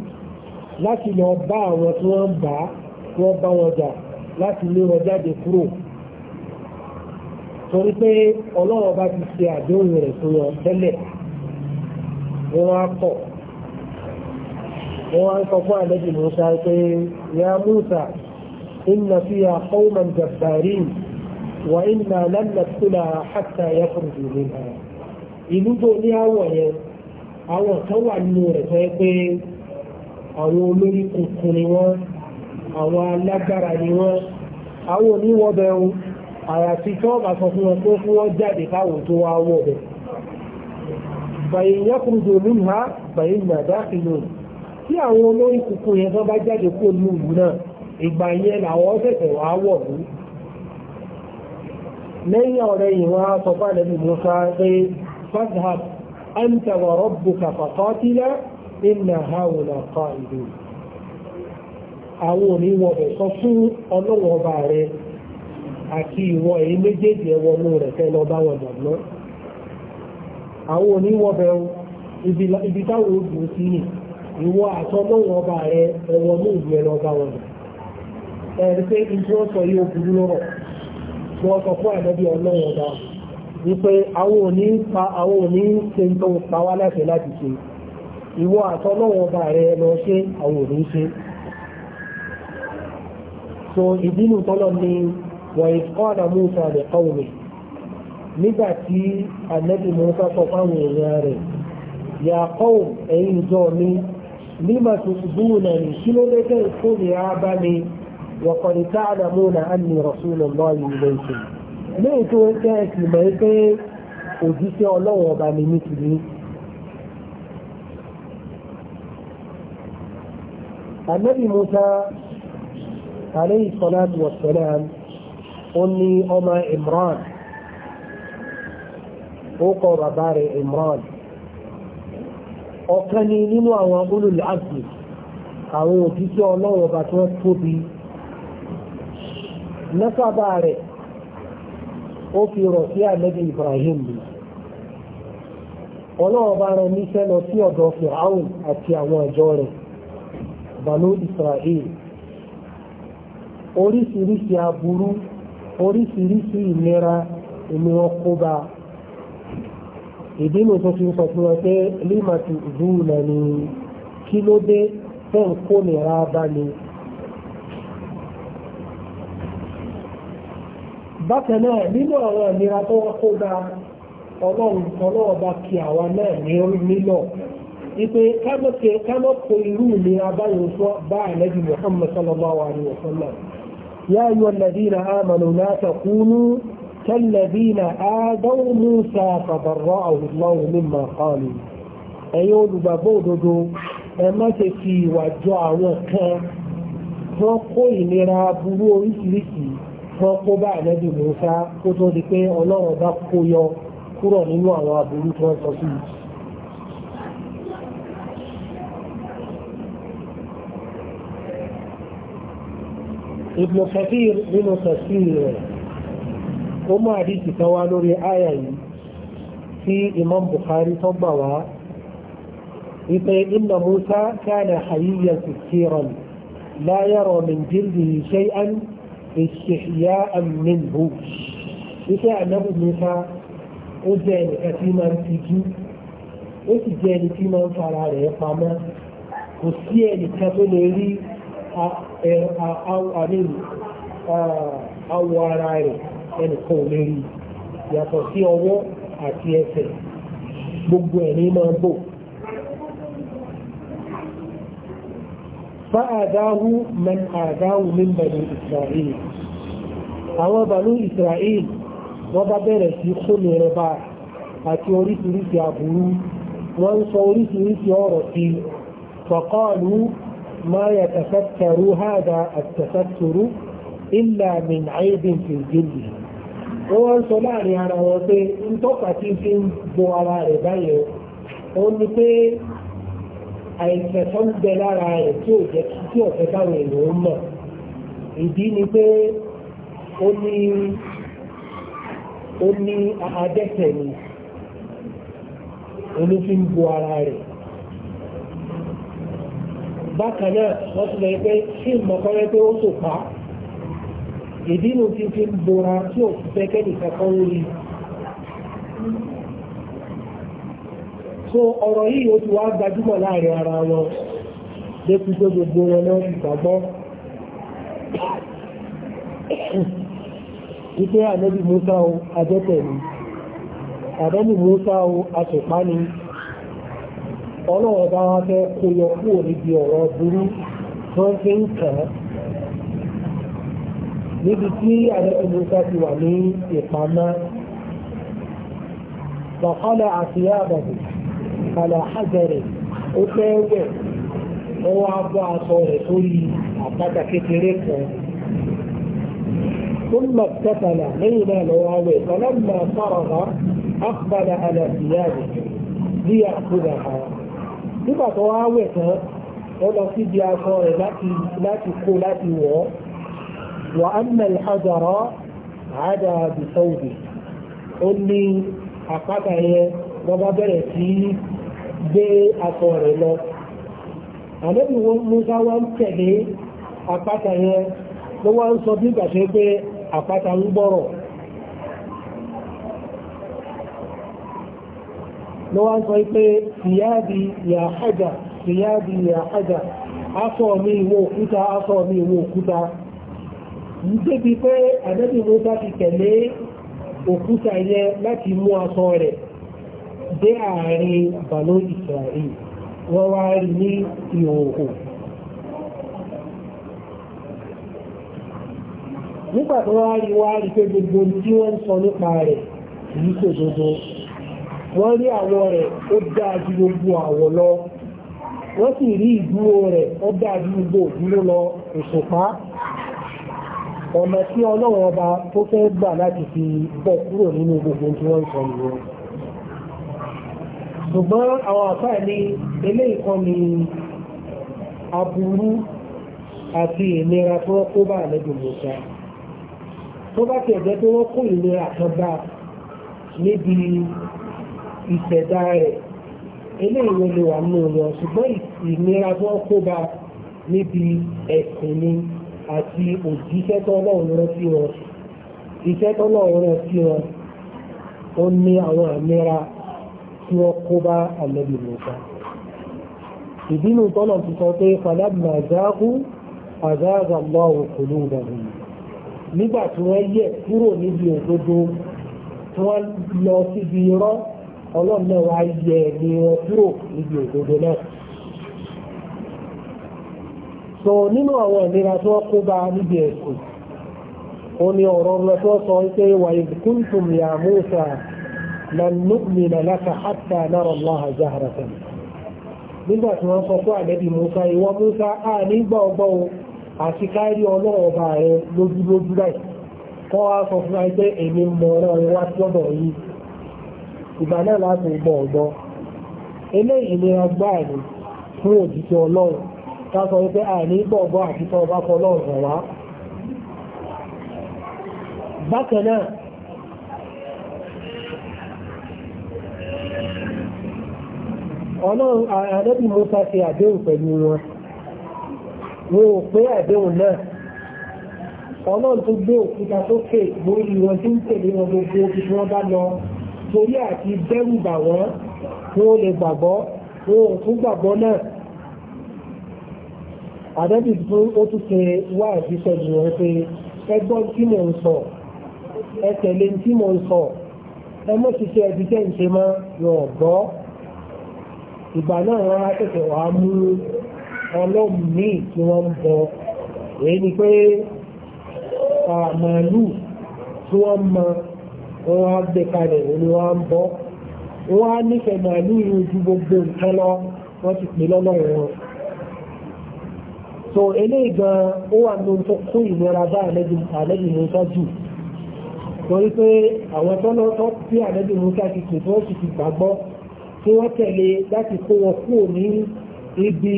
láti lọ bá àwọn tí wọ́n ń bá wọ́n bá wọn jà láti lé wọn jáde kúrò torí pé ọlọ́run bá ti ṣe àdéhùn rẹ̀ fún wọn tẹ́lẹ̀ wọ́n á pọ̀ wọ́n á sọ fún àlejò Musa pé ya Musa inna fiha qawman jabbarin wa inna lan naqtulaha hatta yakhruju minha ìlú tó ní àwọ̀ yẹn àwọn kan wà rẹ̀ fẹ́ pé àwọn olórí kùkù ni wọ́n àwọn alágbára ni wọ́n àwọn oníwọ́bẹ̀ àyàfi tí wọ́n fàyè yẹ́kùnjò minha fàyè nàdá ìlú tí àwọn olóyìn kúkú yẹn tó bá jáde kó ní ìlú náà ìgbà yẹn làwọn ṣẹ̀ṣẹ̀ wá wọ̀ ní. lẹ́yìn ọ̀rẹ́ yìí wọ́n á sọ fún àlẹ́bí musa pé fashab anta wa rabbuka faqatila inna haula qa'idun. àwọn òní wọ̀bẹ̀ sọ fún ọlọ́wọ́ ọba àti èyí méjèèjì àwọn oníwọ̀bẹ̀ ibi táwọn sí ni ìwọ àtọ́lọ́wọ́ ọba ẹ̀wọ̀ ní ìlú ẹ̀rọ ọba wọn ẹ̀rí pé ibi wọ́n sọ yóò burú lọ́rọ̀ tí wọ́n fún àdẹ́bí ọlọ́wọ́ ọba àwọn òní pa àwọn òní ṣe tó pa wá láti láti ṣe ìwọ àtọ́lọ́wọ́ ọba rẹ lọ ṣe àwọn òní ṣe so ìdínú tọ́lọ́ ni wọ̀nyí kọ́ àdàmú òmìnir nígbà tí ànábì Mùsá sọ fáwọn èèyàn rẹ̀ yà kọ́ọ̀ ẹ̀yin ìjọ mi nígbà tó dúró náà ní kí ló dé tẹ̀ kó ní á bá mi wọ̀kọ̀dé tá àdàmú náà á ní rọ̀súlù lọ́ yìí lè ṣe. lẹ́yìn tó ń tẹ́ ẹ̀sìn mọ̀ pé òjíṣẹ́ ọlọ́wọ́ ọba mi ní tìlú. ànábì Mùsá alayhi salatu wa salam ó ní ọmọ Imran o kọ babara emirani ọkani ninu awon akwụlulik agbe awon otu si onawo batun tobi mefaba re o fi rọfịa naga ibrahim be onawọ bara nifere na si oga ofe awon ati awon ajo re banu isra'i orisi risu agburu orisi risu imera emiran ko ìdínú tó fi ń sọ fún ẹ pé lima ti zúùnà ni kí ló dé fẹ́ ń kó nira bá ni. bákan náà nínú àwọn ìnira tó wọ́n kó bá ọlọ́run ọlọ́run bá kí àwa náà ní nílọ ipe kámọ́kẹ́ kámọ́kọ́ irú ìnira báyìí sọ bá àlẹ́bí Muhammad sallallahu alaihi wa sallam yá ayọ̀ nàdínà àmàlù látàkúnú كالذين آذوا موسى فبرأه الله مما قالوا ẹ̀yin olùgbàgbọ́ òdodo ẹ má ṣe fi ìwà jọ àwọn kan wọ́n kó ìnira burú oríṣiríṣi wọ́n kó bá ànábì Mùsá kó tó di pé ọlọ́run bá kó yọ kúrò nínú àwọn aburú tí wọ́n sọ sí i. Ibn Kathir nínú tẹ̀sí rẹ̀. ó mú àdìsí kan wá lórí àyà yìí tí imam bukhari tó gbà wá wípé inna musa kana hayyan sikiran la yara min jildihi shay'an istihya'an minhu wípé ànábì musa ó jẹ́ ẹnìkan tí máa ń tijú ó sì jẹ́ ẹni tí máa ń fara rẹ̀ pamọ́ kò sí ẹnìkan tó lè rí àwọ̀ ara rẹ̀ ẹnìkan ò lè rí yàtọ̀ sí ọwọ́ àti ẹsẹ̀ gbogbo ẹ̀ ní máa bò. fa'adáhu man àdáhu min bani israel àwọn bani israel wọ́n bá bẹ̀rẹ̀ sí kóni rẹba àti oríṣiríṣi aburú wọ́n sọ oríṣiríṣi ọ̀rọ̀ sí fọ̀kọ́ọ̀lù ما يتستر هذا التستر إلا من عيب في الجلد wọ́n wá ń sọ láàrin ara wọn pé ń tọ́ka tí fi ń bo ara rẹ̀ báyẹn ó ní pé àìsàn ń bẹ lára rẹ̀ tí ò jẹ́ kí ọ̀fẹ́ báwọn mọ̀ ìdí ni pé ó ní ó ní ni òní fi ń bo ara rẹ̀ bákan náà wọ́n ti lọ pé pé ìdí inú ti fi ń bora tí ò fẹ́ kẹ́nìkan kan rí so ọ̀rọ̀ yìí ó ti wá gbajúmọ̀ láàrin ara wọn dékú tó gbogbo wọn náà ti gbàgbọ́ wípé ànábì Musa o ajẹ́tẹ̀ ni ànábì Musa o aṣèpá ni ọlọ́wọ́ bá wá fẹ́ kó yọ kúrò níbi ọ̀rọ̀ burú tó ń fi ń kàn án níbi tí a musa ti wà ní ìpamọ́ bàkọ́lá àti àbàbò kàlà àjẹrẹ ó fẹ́ ó wá bọ́ aṣọ rẹ̀ sórí àpáta kékeré kan ثم اكتفل ليل لواوي فلما فرغ اقبل على ثيابه ليأخذها nígbà tó wá wẹ̀ tán ó lọ síbi rẹ̀ láti kó láti wọ̀ ọ́ وأن الحجر عدا بثوبه أني أقطع وبدرتي بأطور له àlẹ́bí wọn Musa wá ń tẹ̀lé àpáta yẹn ló wá ń sọ bí gbàṣẹ́ pé àpáta ń gbọ́rọ̀ ló wá ń sọ pé ìyáàdì ìyàhájà ìyáàdì ní débi pé àdẹ́bì musa ti tẹ̀lé òkúta yẹ láti mú aṣọ rẹ̀ dé àárín balo israel wọ́n wá rí ní ìhòòhò nígbà tó wá rí wá rí pé gbogbo tí wọ́n ń sọ nípa rẹ̀ kìí kò dodo wọ́n rí àwọ̀ rẹ̀ ó dáa ju gbogbo àwọ̀ lọ wọ́n sì rí ìdúró rẹ̀ ó dáa gbogbo òdúró lọ òṣùpá ọ̀nà tí ọlọ́run ọba tó fẹ́ gbà láti fi bọ́ kúrò nínú gbogbo tí wọ́n ń sọ nìyẹn ṣùgbọ́n àwọn àfáà ní eléyìí kan ní aburú àti ìnira tí wọ́n kó bá àlejò mọ̀ọ́sá tó bá ti ẹ̀jẹ̀ tó wọ́n kó ìnira kan bá níbi ìṣẹ̀dá rẹ̀ eléyìí ló lè wà nínú wọn ṣùgbọ́n ìnira tí kó bá níbi ẹ̀sìn ni àti òjíṣẹ́ tọ́lọ́run rán sí wọn iṣẹ́ tọ́lọ́run rán sí wọn ó ní àwọn àmìra tí wọ́n kó bá àlẹ́bì lóta ìbínú tọ́lọ̀ ti sọ pé falamma zaagu azaga Allahu qulubahum nígbà tí wọ́n yẹ̀ kúrò níbi òdodo tí wọ́n lọ síbi irọ́ ọlọ́run náà wá yẹ̀ ní wọn kúrò níbi òdodo náà so nínú àwọn ìlera tí wọ́n kó bá níbi ẹ̀sùn ó ní ọ̀rọ̀ lọ ya Musa na nu'mina laka hatta nígbà tí wọ́n sọ fún a na ọgbọ́ o àti kárí ọlọ́wọ́ bá rẹ lójúlójú láì kọ́ wá sọ fún wa èmi mọ̀ ọ̀rọ̀ wá sọ́dọ̀ yìí ìgbà náà láti gbọ́ eléyìí ni fún káàkọ́ wípé àìní bọ̀bọ̀ àti tọba fọlọ́ọ̀rọ̀ wá bákanáà ọlọ́run àrẹ́bì mọ́ta fi àdéhùn pẹ̀lú wọn wọn ò pé àdéhùn náà ọlọ́run tó gbé òkúta sókè lórí wọn tí ń tẹ̀lé wọn gbogbo ibi tí wọ́n bá lọ torí àti dẹ́rù bà wọ́n wọn ò lè gbàgbọ́ wọn ò tún gbàgbọ́ náà àdẹ́bì tó ó tún ṣe wá àdíṣẹ́ jù rẹ̀ pé ẹgbọ́n tí mò ń sọ ẹ tẹ̀lé tí mò ń sọ ẹ mọ́ ti ṣe ẹ̀díṣẹ́ ìṣe mọ́ yọ̀ gbọ́ ìgbà náà wọ́n á tẹ̀tẹ̀ wá mú ọlọ́mìí tí wọ́n ń bọ èyí ni pé màálù tí wọ́n mọ wọ́n á gbé kalẹ̀ ni wọ́n á ń bọ́ wọ́n á nífẹ̀ẹ́ màálù yìí ju gbogbo nǹkan lọ wọ́n ti pè lọ́lọ́run wọn so eléyìí gan ó wà ní tó kó ìlera bá àlẹ́bí musa jù torí pé àwọn tọ́lọ́ tó tí àlẹ́bí musa ti pè tí wọ́n sì ti gbàgbọ́ tí wọ́n tẹ̀lé láti kó wọn kúrò ní ibi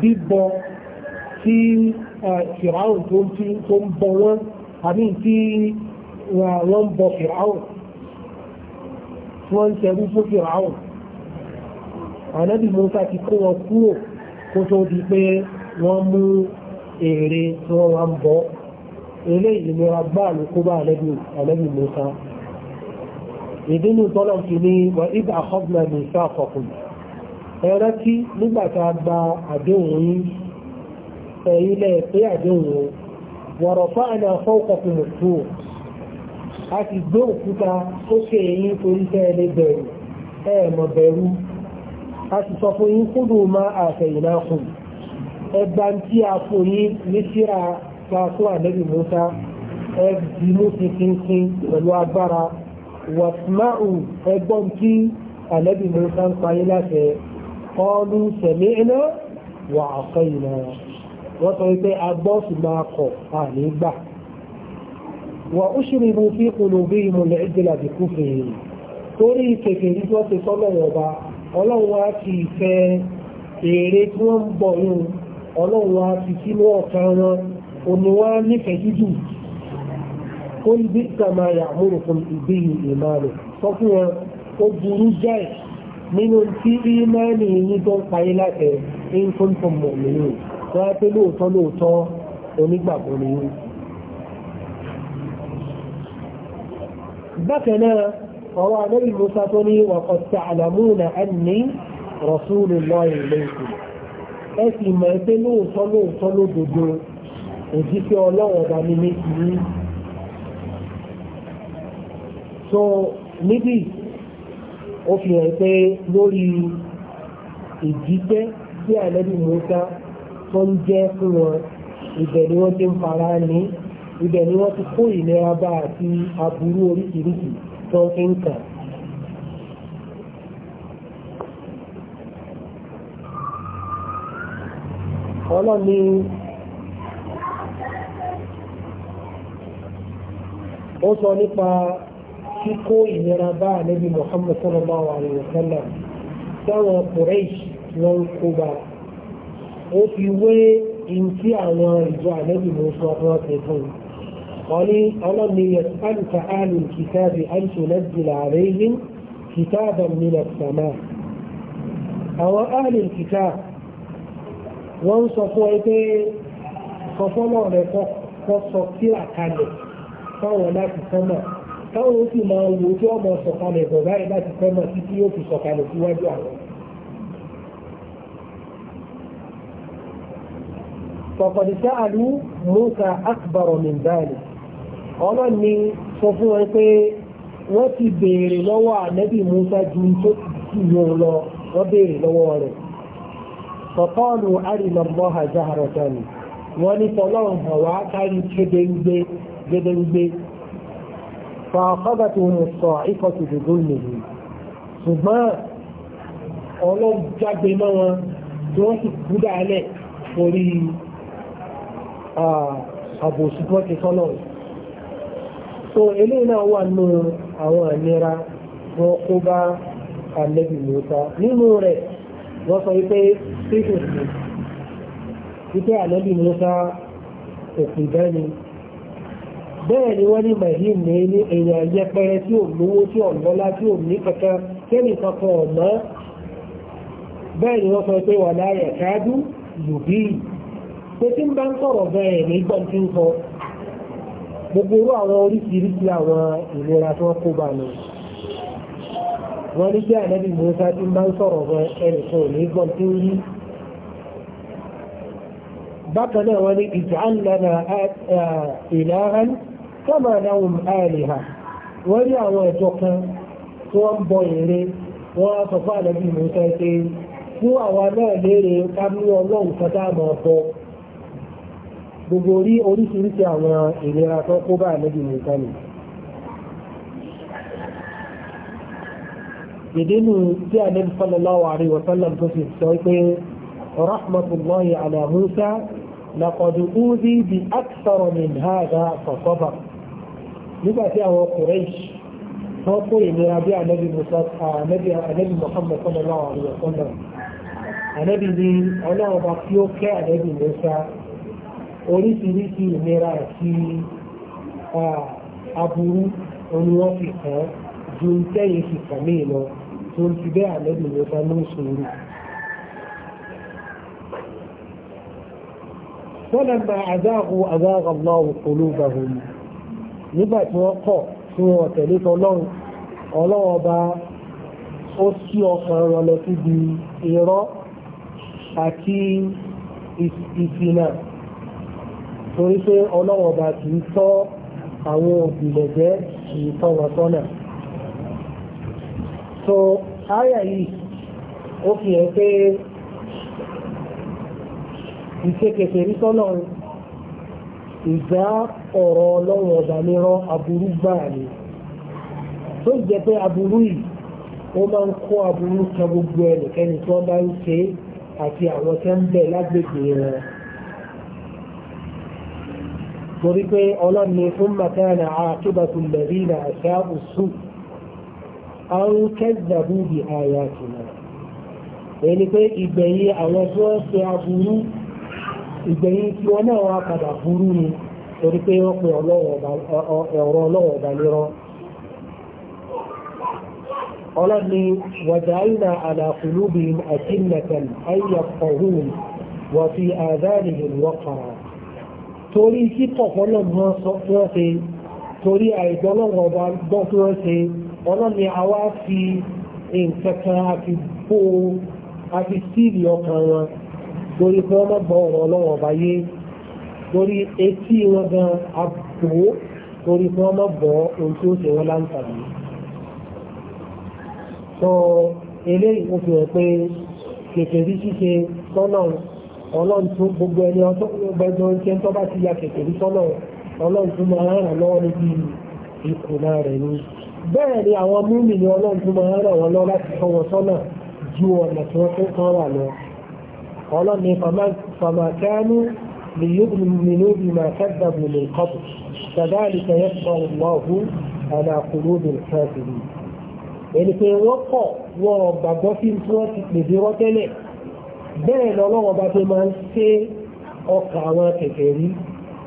bíbọ tí fìràhùn tó ń bọ wọn àbí tí wọ́n bọ fìràhùn tí wọ́n ń tẹ̀lú fún fìràhùn àlẹ́bí musa ti kó wọn kúrò kó tó di pé wọ́n mú èrè tí wọ́n wá ń bọ́ ilé ìlera gbá àlùkúbà àlẹ́bì Musa ìdínú tọ́lọ̀ ti ní wà ibà àkọ́gbà lè sá àkọ́kùn ẹ̀rọ tí nígbàtà gba àdéhùn yín ẹ̀yìn lẹ́ pé a ti sọ fún yín kúrò máa àtẹ̀yìnà kùn ẹgbà tí a fún yín ní síra ta fún ànábì Musa ẹbí mú kínkín pẹ̀lú agbára wàsímáù ẹgbọ́n tí ànábì Musa ń payé láti kọlu sẹ̀mí iná wà àtẹ̀yìnà wọ́n sọ wípé agbọ́ sì máa kọ̀ àní wà ó ṣe rìbù fi kùnú bí ìmùlẹ̀ ìjìlá bí kúfèé torí kèkèrè tí wọ́n ti sọ́lọ̀ ọba ọlọ́run wa fi ìfẹ́ èrè tí wọ́n ń bọ̀ yìí ọlọ́run wa fi sínú ọ̀kan wọn òní wá nífẹ̀ẹ́ jíjù ó ń bí ìtàmà yàmúrò fún ìgbé ìmánu sọ fún wọn ó burú jáì nínú tí ìmánu yìí tó ń payé láti ń tó ń mọ̀ nìyí wọ́n á pé lóòótọ́ lóòótọ́ onígbàgbọ́ nìyí. bákan náà ọwọ́ anábì musa tó ní waqad ta'lamuna anni rasulullahi ilaykum ẹ sì mọ̀ pé lóòótọ́ lóòótọ́ lódodo òjíṣẹ́ ọlọ́run ọba ni méjì ní. so níbí ó fi hàn pé lórí ìjíṣẹ́ tí ànábì musa tó ń jẹ́ fún wọn ibẹ̀ ni wọ́n ti ń fara ní ibẹ̀ ni wọ́n ti kó ìlera bá àti aburú oríṣiríṣi tó fi ń kàn. ọlọ́ni ó sọ nípa kíkó ìnira bá ànábì Muhammad sallallahu alaihi wa sallam táwọn Quraysh wọn ń kó bá ó fi wé ìntí àwọn ìjọ ànábì Musa fún ọ̀sẹ̀ fún un. قال ألم يسألك أهل الكتاب أن تنزل عليهم كتابا من السماء أو أهل الكتاب wọ́n sọ fún ẹ pé sọfọ́nà rẹ̀ kọ́ sọ sí àkàlẹ̀ fáwọn láti sọ́nà táwọn ó sì máa wo tí ọmọ sọ̀kalẹ̀ bọ̀ báyìí láti sọ́nà títí yóò fi sọ̀kalẹ̀ síwájú àwọn. فقد سألوا موسى أكبر من ذلك ọlọ́run ni sọ fún wọn pé wọ́n ti béèrè lọ́wọ́ ànẹ́bì Musa ju tó ti yàn lọ wọ́n béèrè lọ́wọ́ rẹ̀ sọ̀tọ́ọ̀nù àrìnàmọ́ àjáhàrọ̀tọ́nù wọ́n ní tọ́lọ́run hàn wá kárí gédéńgbé gédéńgbé fàákọ́bàtì wọn sọ ìkọ̀tù dùdú so eléyìí náà wà nù àwọn ìnira wọn kó bá àlẹ́bí Mùsá nínú rẹ̀ wọ́n sọ wípé fífi sí wípé àlẹ́bí Mùsá òkú bẹ́ni bẹ́ẹ̀ ni wọ́n ní mahim ní ní èèyàn yẹpẹrẹ tí ò lówó tí ò lọ́lá tí ò ní kankan kẹ́lì kankan ọ̀nà bẹ́ẹ̀ ni wọ́n sọ pé wà láyẹ̀ káájú lùbí pé tí ń bá ń sọ̀rọ̀ bẹ́ẹ̀ ní gbọ́n tí ń sọ gbogbo orú àwọn oríṣiríṣi àwọn ìlera tí kó bá lọ wọ́n ní bí ànábì Mùsá tí máa ń sọ̀rọ̀ gan ẹnì kan gbọ́n tí ń rí bákan náà wọ́n ní kama lahum aliha wọ́n rí àwọn ẹ̀jọ́ kan tí ń bọ ère wọ́n sọ fún ànábì Mùsá pé fún àwa náà léèrè gbogbo orí oríṣiríṣi àwọn ìlera tó kó bá àlejò nìkan ni. ìdínú tí àlejò sallallahu alaihi wa sallam tó fi sọ pé rahmatullahi ala Musa laqad uzi bi akthar min hadha fa sabar nígbà tí àwọn Quraysh tó kó ìlera bí àlejò Muhammad sallallahu alaihi wa sallam àlejò ni ọlọ́run bá tí ó kẹ́ àlejò Musa oríṣiríṣi ìnira àti aburú oní wọ́n fi kàn ju tẹ́yìn fi kàn mí lọ tó ti bẹ́ àlẹ́bì ló bá ní ìṣòro. wọ́n lè gba àzáàkú àzáàkú Allahu qulubahum nígbà tí wọ́n kọ̀ tí wọ́n tẹ̀lé tọlọ́run ọlọ́wọ́ bá ó sí ọkàn wọn síbi irọ́ àti ìsìnà torí pé ọlọ́run ọba kì í tọ́ àwọn òbílẹ̀jẹ́ kì í tọ́ wọn sọ́nà. so àyà yìí ó fi hàn pé ìṣekèké rí sọ́nà ìgbà ọ̀rọ̀ ọlọ́run ọba nírọ́ aburú gbáà ni tó jẹ́ pé aburú yìí ó máa ń kó aburú kan gbogbo ẹnikẹ́ni tí wọ́n bá ń ṣe àti àwọn tẹ́ ń bẹ̀ lágbègbè rẹ̀ torí pé ọlọ́run ni fún makana akibatul ladina asha'u su an kazzabu bi ayatina ẹni pé ìgbẹ̀yìn àwọn tó ń ṣe aburú ìgbẹ̀yìn tí wọ́n náà wá padà burú ni torí pé wọ́n pe ọ̀rọ̀ ọlọ́wọ̀ ọ̀bà lérọ́ ọlọ́ni wàjáìnà àlàkùlúbìn àkínnẹ̀tẹ̀n ayyàkọ̀hún wà fi àdáàlìhìn wọ́kàrà torí tí pọ̀pọ̀lọ̀ mọ́ sọ tí wọ́n ṣe torí àìgbọ́lọ́wọ́ ọba gbọ́ tí wọ́n ṣe ọlọ́ni àwa fi nǹkan kan àti bó àti síìlì ọkàn wọn torí pé wọ́n má gbọ́ ọ̀rọ̀ ọlọ́wọ́ ọba yé torí etí wọn gan àbò torí pé wọ́n má gbọ́ ohun tí ó ṣe wọ́n láǹtàbí. sọ eléyìí ó fi hàn pé kèkèrí ṣíṣe sọ́nà ọlọ́run tún gbogbo ẹni ọtọ́ gbogbo ẹni tó bá ti ya kẹ̀kẹ́ ní sọ́nà ọlọ́run tún máa ràn lọ́wọ́ níbi ìkùnà rẹ̀ ni bẹ́ẹ̀ ni àwọn múmi ni ọlọ́run tún máa ràn wọ́n lọ láti tọ́ wọn sọ́nà ju ọ̀nà tí wọ́n tún kọ́ wà lọ ọlọ́run ni fàmàkánú lè yóò nínú bí máa lè kọ́pù sàdáàlìkà yẹ kọ́ ọ̀hún bẹ́ẹ̀ lọ́lọ́wọ́ bá tó máa ń ṣe ọkà àwọn kẹ̀kẹ́ rí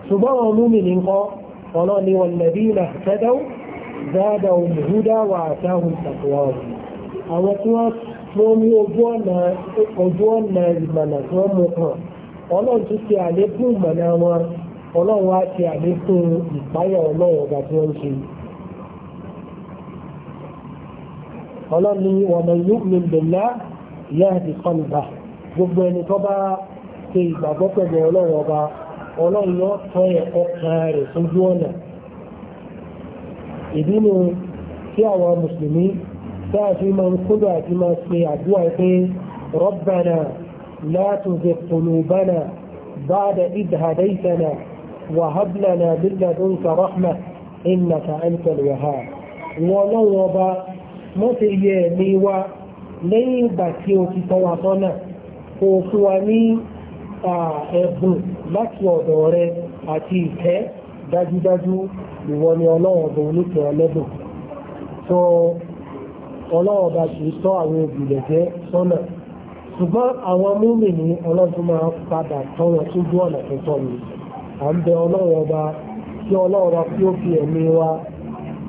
ṣùgbọ́n àwọn múmi ní kọ́ ọ̀nà ni wọ́n lẹ̀bí ìlà tẹ́dọ̀ dáadáa òmùhúdá wà àtàhùn tàkùwà rẹ̀ àwọn tí wọ́n tó ní ojú ọ̀nà ọlọ́run ni wọ́n mọ̀ yóò mi bẹ̀lá yáà ti kọ́ gbogbo ẹni tó bá ṣe ìgbàgbọ́ pẹ̀lú ọlọ́run ọba ọlọ́run yóò tọ́ ẹ̀kọ́ kan rẹ̀ sójú ọ̀nà ìdí ni tí àwọn mùsùlùmí tí a fi máa ń kúndùn àti máa ṣe àdúrà pé ربنا لا تزغ قلوبنا بعد إذ هديتنا وهب لنا من لدنك رحمة إنك أنت الوهاب ولو وبا ما تيجي ميوا ليه بكيو في طواتنا kó fún wa ní ẹ̀bùn láti ọ̀dọ̀ rẹ àti ìtẹ́ dájúdájú ìwọ ni ọlọ́wọ̀n ọlẹ́bùn tó ọlọ́wọ̀n bá tọ́ àwọn òbílẹ̀ jẹ́ sọ́nà ṣùgbọ́n àwọn múmi ní ọlọ́dún máa padà tọ́ wọn sójú ọ̀nà tó tọ́ à ń bẹ fi ẹ̀mí wa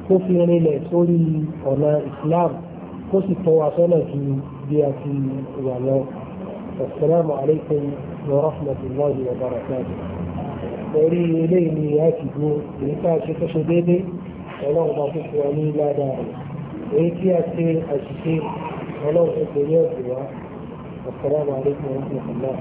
kó fi rinlẹ̀ sórí ọ̀nà Islam kó sì tọ́ wa sọ́nà ju a ti wà والسلام عليكم ورحمة الله وبركاته orí ilé ni a ti gbó èyí tá a ṣe tó ṣe déédé ọlọ́run bá fífi wa ní ládàá rẹ̀ èyí tí a ṣe àṣìṣe ọlọ́run tó pè ní ọ̀gbìn wa ọ̀sán àwọn àlékún ọ̀gbìn náà.